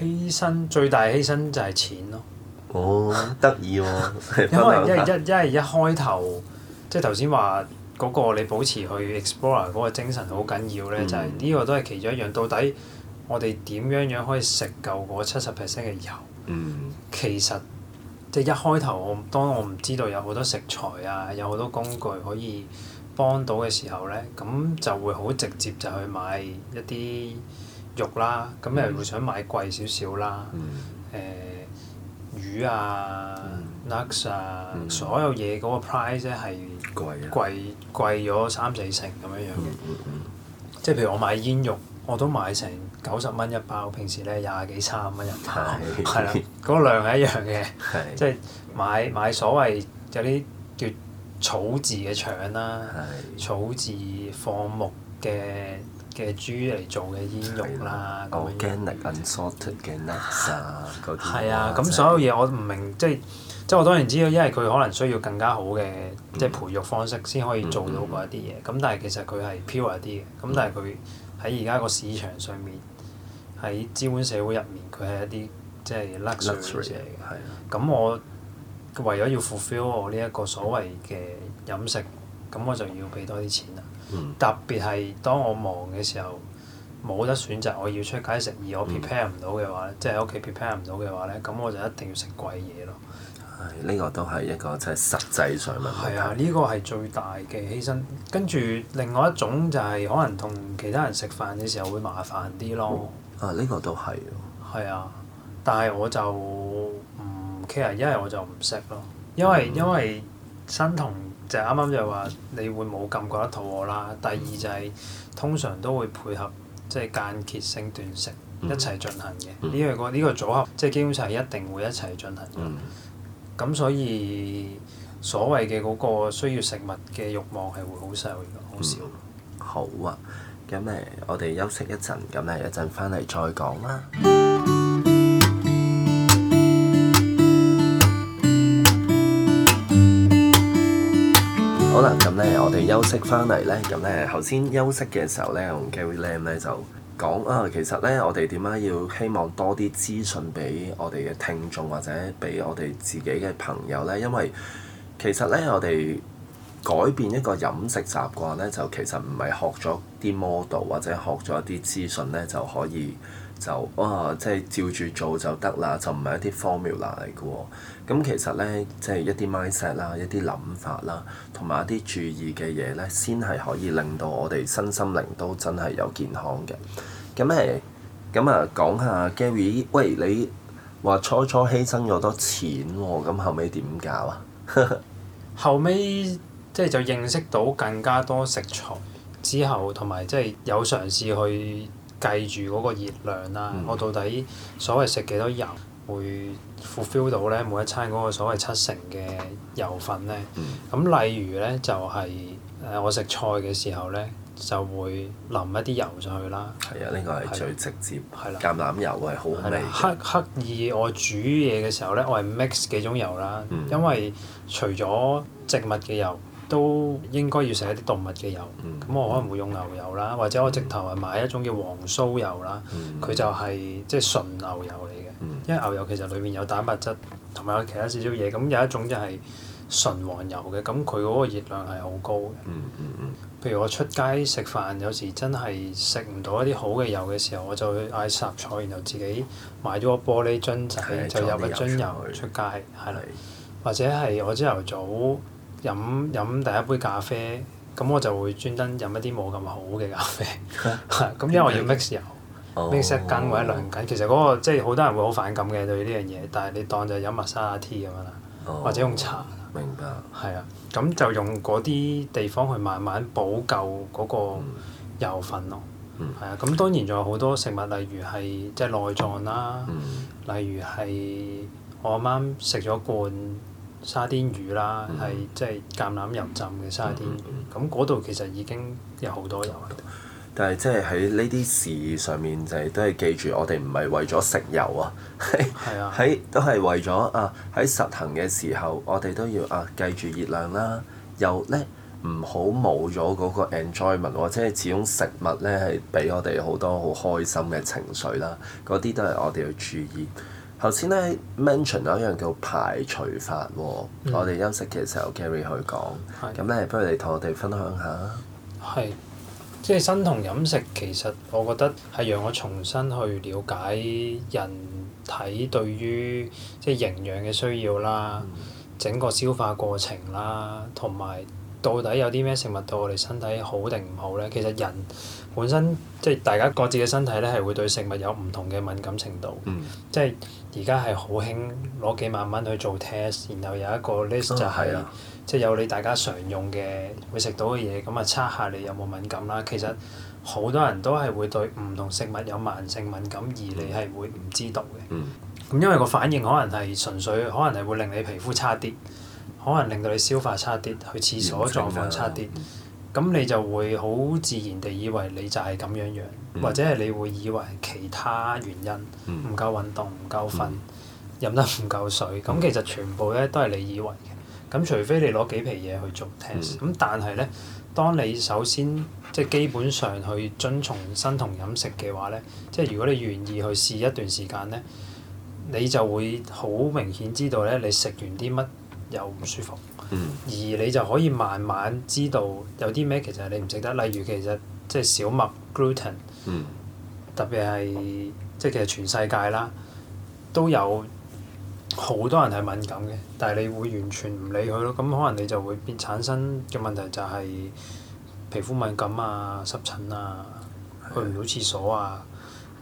犧牲，最大犧牲就係錢咯。哦，得意喎！因為一係一開頭，即係頭先話嗰個你保持去 explore 嗰個精神好緊要呢，嗯、就係呢個都係其中一樣。到底？我哋點樣樣可以食夠嗰七十 percent 嘅油？其實即係一開頭，我當我唔知道有好多食材啊，有好多工具可以幫到嘅時候咧，咁就會好直接就去買一啲肉啦。咁你會想買貴少少啦。誒、嗯呃、魚啊、嗯、nuts 啊，嗯、所有嘢嗰個 price 咧係貴貴貴咗三四成咁樣樣嘅。嗯、即係譬如我買煙肉，我都買成～九十蚊一包，平時咧廿幾三十蚊一包，係啦，嗰量係一樣嘅，即係買買所謂有啲叫草字嘅腸啦，草字放牧嘅嘅豬嚟做嘅煙肉啦，咁嘅 n 啊，係啊，咁所有嘢我唔明，即係即係我當然知道，因為佢可能需要更加好嘅即係培育方式先可以做到嗰一啲嘢。咁但係其實佢係 pure 啲嘅，咁但係佢喺而家個市場上面。喺資本社會入面，佢係一啲即係 luxury 嚟嘅。咁我為咗要 fulfill 我呢一個所謂嘅飲食，咁、嗯、我就要俾多啲錢啦。嗯、特別係當我忙嘅時候，冇得選擇，我要出街食，而我 prepare 唔到嘅話，即係喺屋企 prepare 唔到嘅話咧，咁我就一定要食貴嘢咯。係呢、哎呢個都係一個真係實際上問題。係啊，呢、呢個係最大嘅犧牲。跟住另外一種就係可能同其他人食飯嘅時候會麻煩啲咯。嗯啊！呢、這個都係。係啊，但係我就唔 care，一係我就唔識咯。因為、嗯、因為生酮就啱啱就話你會冇咁覺得肚餓啦。第二就係、是嗯、通常都會配合即係、就是、間歇性斷食一齊進行嘅。呢樣、嗯，這個呢、這個組合即係、就是、基本上係一定會一齊進行嘅。咁、嗯、所以所謂嘅嗰個需要食物嘅欲望係會好少嘅，好少、嗯。好啊。咁咧，我哋休息一陣，咁咧一陣翻嚟再講啦。 好啦，咁咧我哋休息翻嚟咧，咁咧頭先休息嘅時候咧，我同 Gary Lam 咧就講啊，其實咧我哋點解要希望多啲資訊俾我哋嘅聽眾或者俾我哋自己嘅朋友咧？因為其實咧我哋。改變一個飲食習慣咧，就其實唔係學咗啲 model 或者學咗一啲資訊咧，就可以就啊，即係照住做就得啦，就唔係一啲 formula 嚟嘅喎。咁其實咧，即係一啲 mindset 啦，一啲諗法啦，同埋一啲注意嘅嘢咧，先係可以令到我哋身心靈都真係有健康嘅。咁誒，咁啊講下 Gary，喂，你話初初犧牲咗多錢喎、哦，咁後尾點搞啊？ 後尾。即係就認識到更加多食材之後，同埋即係有嘗試去計住嗰個熱量啦。嗯、我到底所謂食幾多油會 fulfill 到咧？每一餐嗰個所謂七成嘅油份咧，咁、嗯、例如咧就係、是、誒我食菜嘅時候咧，就會淋一啲油上去啦。係啊，呢個係最直接。係啦的。的橄欖油係好味。刻、刻意我煮嘢嘅時候咧，我係 mix 幾種油啦，嗯、因為除咗植物嘅油。都應該要食一啲動物嘅油，咁、嗯、我可能會用牛油啦，嗯、或者我直頭係買一種叫黃酥油啦，佢、嗯、就係即係純牛油嚟嘅，嗯、因為牛油其實裏面有蛋白質同埋有其他少少嘢，咁有一種就係純黃油嘅，咁佢嗰個熱量係好高嘅。嗯嗯、譬如我出街食飯，有時真係食唔到一啲好嘅油嘅時候，我就會嗌雜菜，然後自己買咗個玻璃樽仔，嗯、就有一樽油，嗯、油出街，係啦的，嗯、或者係我朝頭早。飲飲第一杯咖啡，咁我就會專登飲一啲冇咁好嘅咖啡，咁 因為我要 mix 油，mix、哦、一羹或者兩羹，哦、其實嗰、嗰個即係好多人會好反感嘅對呢樣嘢，但係你當就飲麥沙 tea 咁樣啦，哦、或者用茶，明白，係啊，咁就用嗰啲地方去慢慢補救嗰個油份咯，係、嗯、啊，咁當然仲有好多食物，例如係即係內臟啦，嗯、例如係我啱啱食咗罐。沙甸魚啦，係即係橄欖油浸嘅沙甸魚，咁嗰度其實已經有好多油喺度，但係即係喺呢啲事上面，就係都係記住我哋唔係為咗食油啊，喺、 啊、都係為咗啊喺實行嘅時候，我哋都要啊計住熱量啦，又咧唔好冇咗嗰個 enjoyment，或者係始終食物咧係俾我哋好多好開心嘅情緒啦，嗰啲都係我哋要注意。頭先咧 mention 咗一樣叫排除法喎，mm. 我哋休息嘅時候 Gary 去講，咁咧、mm. 不如你同我哋分享下。係，即係生酮飲食其實我覺得係讓我重新去了解人體對於即係營養嘅需要啦，mm. 整個消化過程啦，同埋到底有啲咩食物對我哋身體好定唔好咧？其實人本身即係大家各自嘅身體咧，係會對食物有唔同嘅敏感程度，mm. 即係。而家係好興攞幾萬蚊去做 test，然後有一個 list、嗯、就係、是、即係有你大家常用嘅會食到嘅嘢，咁啊測下你有冇敏感啦。其實好多人都係會對唔同食物有慢性敏感，而你係會唔知道嘅。咁、嗯、因為個反應可能係純粹，可能係會令你皮膚差啲，可能令到你消化差啲，去廁所狀況差啲，咁、嗯、你就會好自然地以為你就係咁樣樣。或者係你會以為其他原因唔夠運動、唔夠瞓、飲、嗯、得唔夠水，咁其實全部咧都係你以為嘅。咁除非你攞幾皮嘢去做 test，咁、嗯、但係咧，當你首先即係基本上去遵從生酮飲食嘅話咧，即係如果你願意去試一段時間咧，你就會好明顯知道咧，你食完啲乜又唔舒服，嗯、而你就可以慢慢知道有啲咩其實你唔食得，例如其實。即係小麥 gluten、嗯、特別係即係其實全世界啦，都有好多人係敏感嘅，但係你會完全唔理佢咯。咁可能你就會變產生嘅問題就係皮膚敏感啊、濕疹啊、去唔到廁所啊。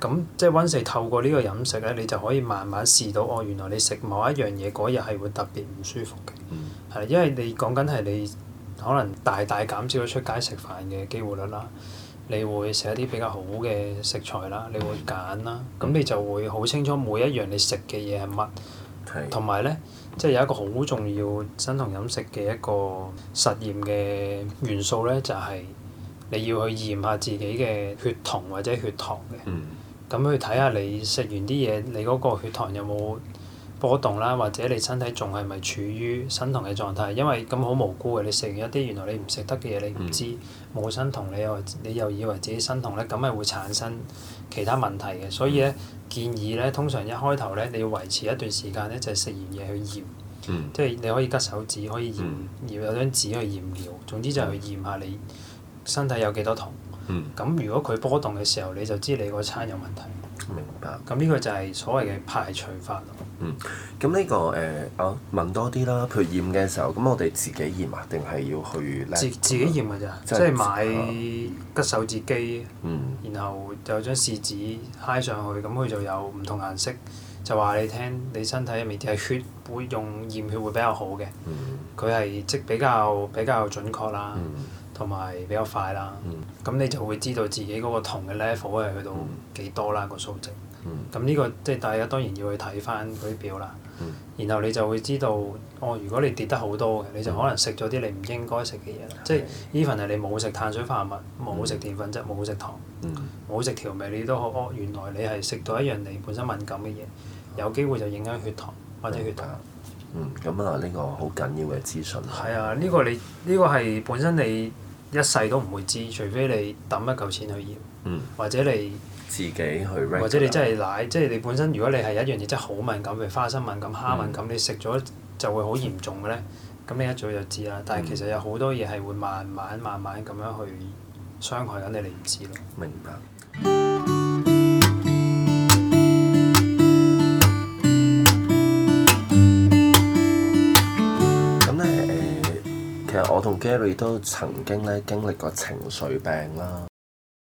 咁的即係溫氏透過呢個飲食咧，你就可以慢慢試到哦。原來你食某一樣嘢嗰日係會特別唔舒服嘅，係、嗯、因為你講緊係你可能大大，大減少咗出街食飯嘅機會率啦。嗯你會食一啲比較好嘅食材啦，你會揀啦，咁你就會好清楚每一樣你食嘅嘢係乜，同埋咧，即、就、係、是、有一個好重要生酮飲食嘅一個實驗嘅元素咧，就係、是、你要去驗下自己嘅血糖或者血糖嘅，咁、mm. 去睇下你食完啲嘢，你嗰個血糖有冇波動啦，或者你身體仲係咪處於生酮嘅狀態？因為咁好無辜嘅，你食完一啲原來你唔食得嘅嘢，你唔知冇生酮，你又你又以為自己生酮咧，咁咪會產生其他問題嘅。所以咧，嗯、建議咧，通常一開頭咧，你要維持一段時間咧，就係、是、食完嘢去驗，嗯、即係你可以拮手指，可以驗驗、嗯、有張紙去驗尿，總之就係去驗下你身體有幾多酮。咁、嗯嗯、如果佢波動嘅時候，你就知你個餐有問題。明白，咁呢個就係所謂嘅排除法咯。嗯，咁呢、呢個誒，我、呃啊、問多啲啦。譬如驗嘅時候，咁我哋自己驗啊，定係要去咧？自自己驗嘅咋，就係、即係買吉手指機。嗯、然後就將試紙揩上去，咁佢就有唔同顏色，就話你聽，你身體未定係血會用驗血會比較好嘅。佢係、嗯、即比較比較準確啦。嗯同埋比較快啦，咁你就會知道自己嗰個糖嘅 level 係去到幾多啦個數值。咁呢個即係大家當然要去睇翻嗰啲表啦。然後你就會知道，哦，如果你跌得好多嘅，你就可能食咗啲你唔應該食嘅嘢。即係 even 係你冇食碳水化合物，冇食澱粉質，冇食糖，冇食調味，你都，哦，原來你係食到一樣你本身敏感嘅嘢，有機會就影響血糖或者血糖。嗯，咁啊呢個好緊要嘅資訊。係啊，呢個你呢個係本身你。一世都唔會知，除非你揼一嚿錢去驗，嗯、或者你自己去，或者你真係奶，即係你本身。如果你係一樣嘢真係好敏感，譬如花生敏感、蝦敏感，嗯、你食咗就會好嚴重嘅咧。咁、嗯、你一早就知啦。但係其實有好多嘢係會慢慢慢慢咁樣去傷害緊你，你唔知咯。明白。同 Gary 都曾經咧經歷過情緒病啦。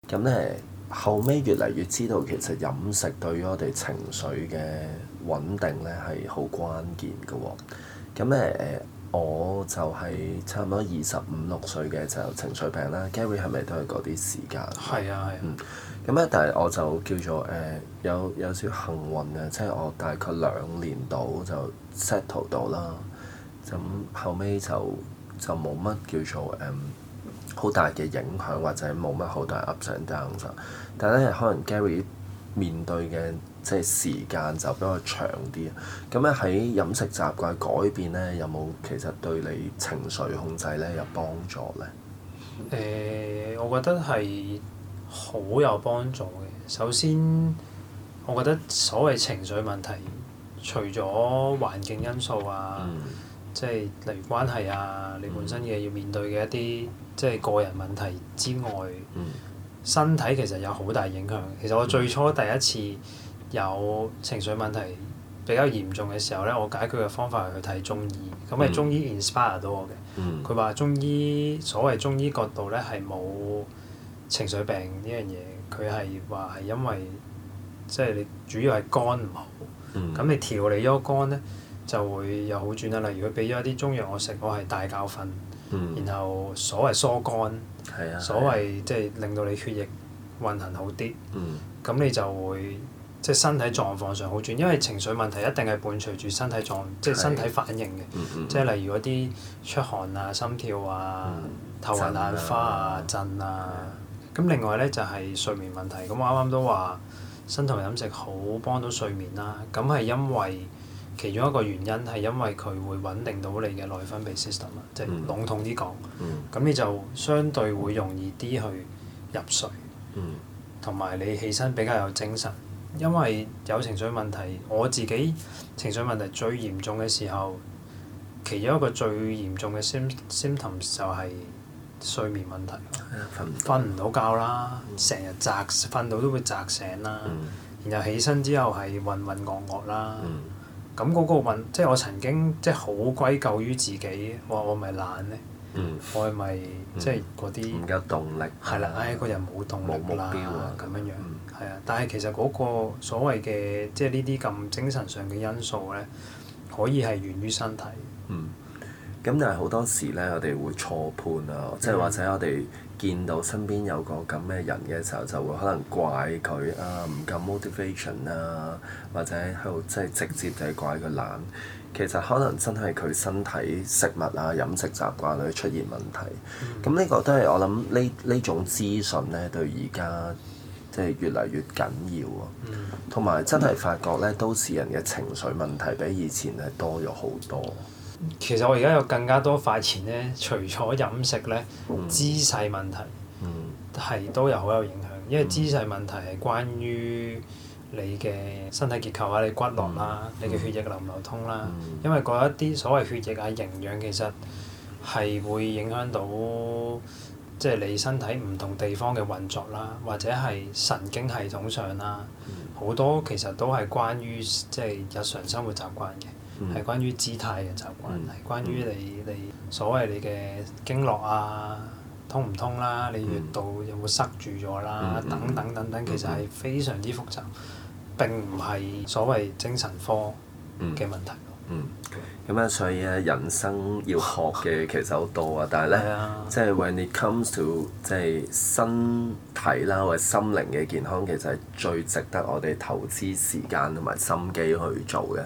咁咧後尾越嚟越知道，其實飲食對於我哋情緒嘅穩定咧係好關鍵嘅喎。咁咧誒，我就係差唔多二十五六歲嘅時候情緒病啦。Gary 係咪都係嗰啲時間？係啊，係啊。咁咧、嗯，但係我就叫做誒、呃、有有少幸運呀，即係我大概兩年度就 settle 到啦。咁後尾就～就冇乜叫做誒好、um，大嘅影響，或者冇乜好大 ups and downs，但係其實，但係咧可能 Gary 面對嘅即係時間就比較長啲。咁咧喺飲食習慣改變咧，有冇其實對你情緒控制咧有幫助咧？誒、呃，我覺得係好有幫助嘅。首先，我覺得所謂情緒問題，除咗環境因素啊，嗯即係例如關係啊，你本身嘅要面對嘅一啲、嗯、即係個人問題之外，嗯、身體其實有好大影響。嗯、其實我最初第一次有情緒問題比較嚴重嘅時候咧，我解決嘅方法係去睇中醫。咁係中醫 inspire 到我嘅，佢話、嗯、中醫所謂中醫角度咧係冇情緒病呢樣嘢，佢係話係因為即係你主要係肝唔好，咁、嗯嗯、你調理咗肝咧。就會有好轉啦。例如佢俾咗啲中藥我食，我係大覺瞓，然後所謂疏肝，所謂即係令到你血液運行好啲，咁你就會即係身體狀況上好轉。因為情緒問題一定係伴隨住身體狀，即係身體反應嘅，即係例如嗰啲出汗啊、心跳啊、頭暈眼花啊、震啊。咁另外咧就係睡眠問題。咁我啱啱都話，生酮飲食好幫到睡眠啦。咁係因為其中一個原因係因為佢會穩定到你嘅內分泌 system 啊、嗯，即係籠統啲講，咁、嗯、你就相對會容易啲去入睡，同埋、嗯、你起身比較有精神。因為有情緒問題，我自己情緒問題最嚴重嘅時候，其中一個最嚴重嘅 sym symptoms 就係睡眠問題，瞓唔到覺啦，成日扎瞓到都會扎醒啦，嗯、然後起身之後係渾渾噩噩啦。嗯咁嗰個運，即係我曾經即係好歸咎於自己，我話係咪呢、嗯、我咪懶咧，我係咪即係嗰啲唔夠動力，係啦，唉，個人冇動力啊，咁樣、冇目標啊、樣，係啊、嗯，但係其實嗰個所謂嘅即係呢啲咁精神上嘅因素咧，可以係源於身體。嗯，咁但係好多時咧，我哋會錯判啊，即係或者我哋。見到身邊有個咁嘅人嘅時候，就會可能怪佢啊，唔夠 motivation 啊，或者喺度即係直接就係怪佢懶。其實可能真係佢身體食物啊，飲食習慣裏出現問題。咁呢、嗯、個都係我諗呢呢種資訊咧，對而家即係越嚟越緊要啊。同埋、嗯、真係發覺咧，嗯、都市人嘅情緒問題比以前係多咗好多。其實我而家有更加多發現咧，除咗飲食咧，嗯、姿勢問題係都有好有影響，因為姿勢問題係關於你嘅身體結構啊、你骨骼啦、嗯、你嘅血液流唔流通啦，嗯、因為嗰一啲所謂血液啊、營養其實係會影響到即係你身體唔同地方嘅運作啦，或者係神經系統上啦，好、嗯、多其實都係關於即係日常生活習慣嘅。係、嗯、關於姿態嘅習慣，係、嗯、關於你你所謂你嘅經絡啊，通唔通啦、啊？你穴度有冇塞住咗啦、啊？嗯嗯、等等等等，其實係非常之複雜，並唔係所謂精神科嘅問題。嗯嗯嗯咁所以啊，人生要學嘅其實好多啊， 但係咧，Yeah. 即係 when it comes to 即係身體啦，或者心靈嘅健康，其實係最值得我哋投資時間同埋心機去做嘅。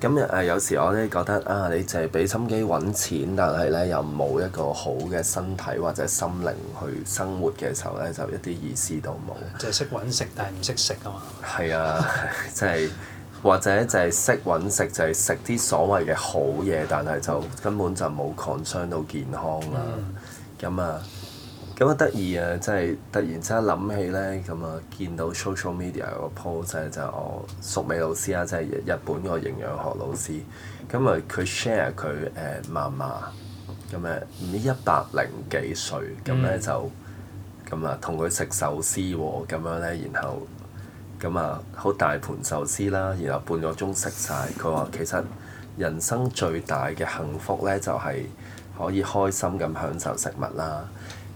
咁誒、mm. 嗯、有時我咧覺得啊，你淨係俾心機揾錢，但係咧又冇一個好嘅身體或者心靈去生活嘅時候咧，就一啲意思都冇。就係識揾食，但係唔識食啊嘛。係啊，即係。或者就係識揾食，就係食啲所謂嘅好嘢，但係就根本就冇 concern 到健康啦。咁啊，咁、mm hmm. 啊得意啊！真係突然之間諗起呢。咁啊，見到 social media 個 post 就係、我淑美老師啊，即係日本個營養學老師。咁啊，佢 share 佢誒媽媽，咁咧唔知一百零幾歲，咁咧就咁、mm hmm. 啊，同佢食壽司喎、啊，咁樣呢，然後。咁啊，好大盤壽司啦，然後半個鐘食晒。佢話其實人生最大嘅幸福咧，就係可以開心咁享受食物啦。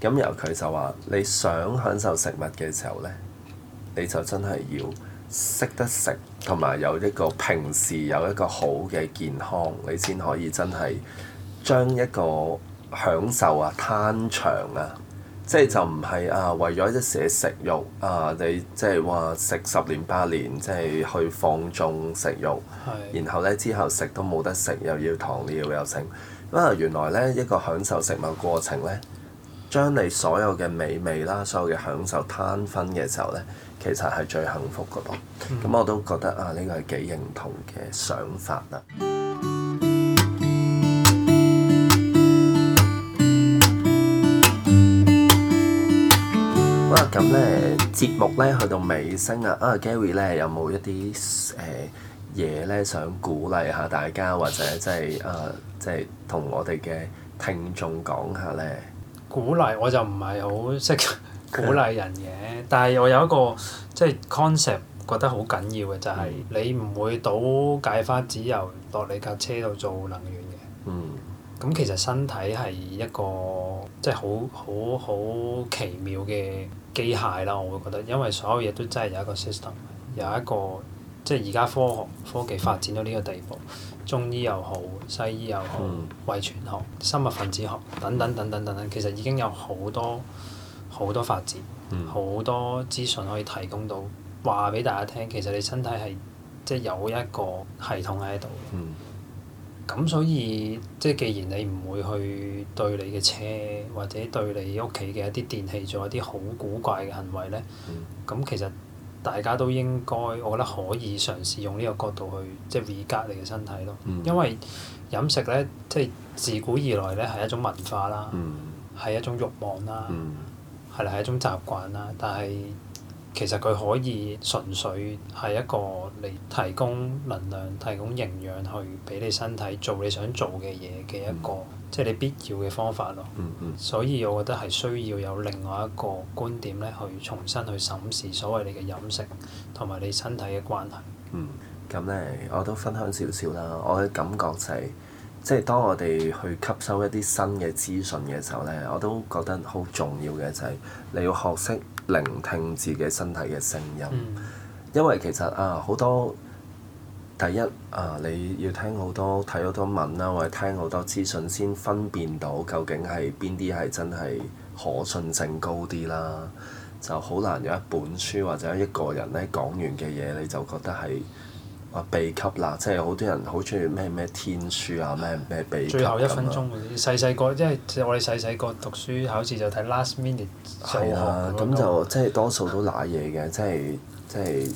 咁由佢就話，你想享受食物嘅時候咧，你就真係要識得食，同埋有一個平時有一個好嘅健康，你先可以真係將一個享受啊，攤長啊。即係就唔係啊，為咗一時嘅食慾啊，你即係話食十年八年，即係去放縱食慾，然後呢之後食都冇得食，又要糖尿又成。咁，嗯，原來呢一個享受食物過程呢，將你所有嘅美味啦，所有嘅享受攤分嘅時候呢，其實係最幸福嘅噃。咁，嗯嗯，我都覺得啊，呢個係幾認同嘅想法啦啊。咁咧節目咧去到尾聲啊，啊 Gary 咧有冇一啲誒嘢咧想鼓勵下大家，或者即係誒即係同我哋嘅聽眾講下咧？鼓勵我就唔係好識鼓勵人嘅。 但係我有一個即係、就是、concept 覺得好緊要嘅就係、是、你唔會倒芥花籽油落你架車度做能源嘅。嗯，咁其實身體係一個即係好好好奇妙嘅。機械啦，我會覺得，因為所有嘢都真係有一個 system，有一個即係而家科學科技發展到呢個地步，中醫又好，西醫又好，遺傳學、生物分子學等等等等等等，其實已經有好多好多發展，好多資訊可以提供到話俾大家聽。其實你身體係即係有一個系統喺度。咁所以即係，既然你唔會去對你嘅車或者對你屋企嘅一啲電器做一啲好古怪嘅行為咧，咁、嗯、其實大家都應該，我覺得可以嘗試用呢個角度去即係 regulate 你嘅身體咯。嗯、因為飲食咧，即係自古以來咧係一種文化啦，係、嗯、一種欲望啦，係啦係一種習慣啦，但係。其實佢可以純粹係一個你提供能量、提供營養，去俾你身體做你想做嘅嘢嘅一個，嗯、即係你必要嘅方法咯、嗯。嗯嗯。所以，我覺得係需要有另外一個觀點咧，去重新去審視所謂你嘅飲食同埋你身體嘅關係。嗯，咁咧，我都分享少少啦。我嘅感覺就係、是，即係當我哋去吸收一啲新嘅資訊嘅時候咧，我都覺得好重要嘅就係你要學識。聆聽自己身體嘅聲音，嗯、因為其實啊好多第一啊，你要聽好多睇好多文啦，或者聽好多資訊先分辨到究竟係邊啲係真係可信性高啲啦，就好難有一本書或者一個人咧講完嘅嘢你就覺得係。話秘笈啦，即係好多人好中意咩咩天書啊，咩咩秘笈最後一分鐘，細細個，即係我哋細細個讀書考試就睇 last minute。係啊，咁、那個、就、那個、即係多數都揦嘢嘅，即係即係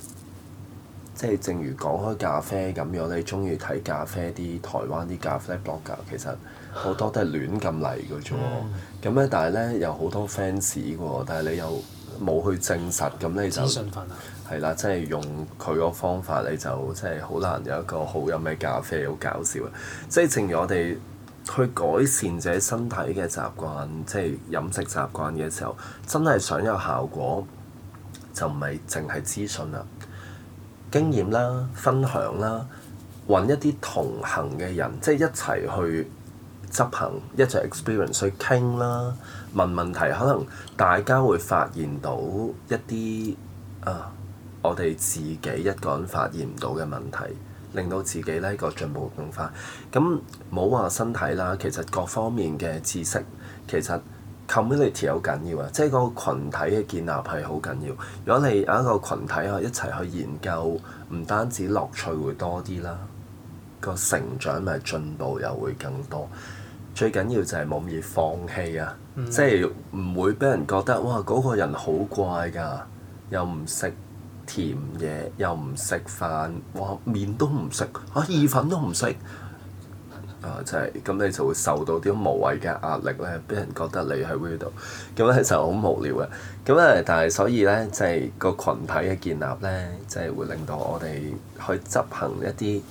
即係正如講開咖啡咁樣，你中意睇咖啡啲台灣啲咖啡 blog，其實好多都係亂咁嚟嘅啫喎。咁咧、嗯，但係咧有好多 fans 嘅喎，但係你又冇去證實咁咧就。資訊泛啊！係啦，即係用佢個方法，你就即係好難有一個好飲嘅咖啡，好搞笑啊！即係正如我哋去改善自己身體嘅習慣，即係飲食習慣嘅時候，真係想有效果，就唔係淨係資訊啦，經驗啦，分享啦，揾一啲同行嘅人，即係一齊去執行，一齊 experience，去傾啦，問問題，可能大家會發現到一啲啊～我哋自己一個人發現唔到嘅問題，令到自己呢個進步更快。咁冇話身體啦，其實各方面嘅知識其實 community 好緊要啊，即係個群體嘅建立係好緊要。如果你有一個群體啊，一齊去研究，唔單止樂趣會多啲啦，個成長咪進步又會更多。最緊要就係冇咁易放棄啊！Mm hmm. 即係唔會俾人覺得哇，嗰個人好怪㗎，又唔識。甜嘢又唔食飯，哇！麵都唔食，啊，意粉都唔食，啊！即係咁，你就會受到啲無謂嘅壓力咧，俾人覺得你喺嗰度，咁咧就好無聊啦。咁咧，但係所以咧，即係個群體嘅建立咧，即係會令到我哋去執行一啲誒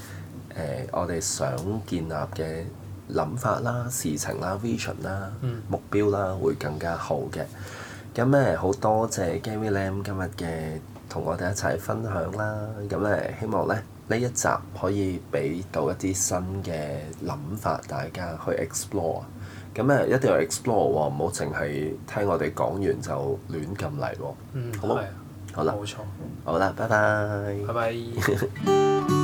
我哋想建立嘅諗法啦、事情啦、vision 啦、嗯、目標啦，會更加好嘅。咁咧好多謝 Gary Lam 今日嘅～同我哋一齊分享啦，咁咧希望咧呢一集可以俾到一啲新嘅諗法，大家去 explore。咁誒一定要 explore，唔好淨係聽我哋講完就亂咁嚟喎。嗯，好。好啦，冇錯，拜拜。拜拜。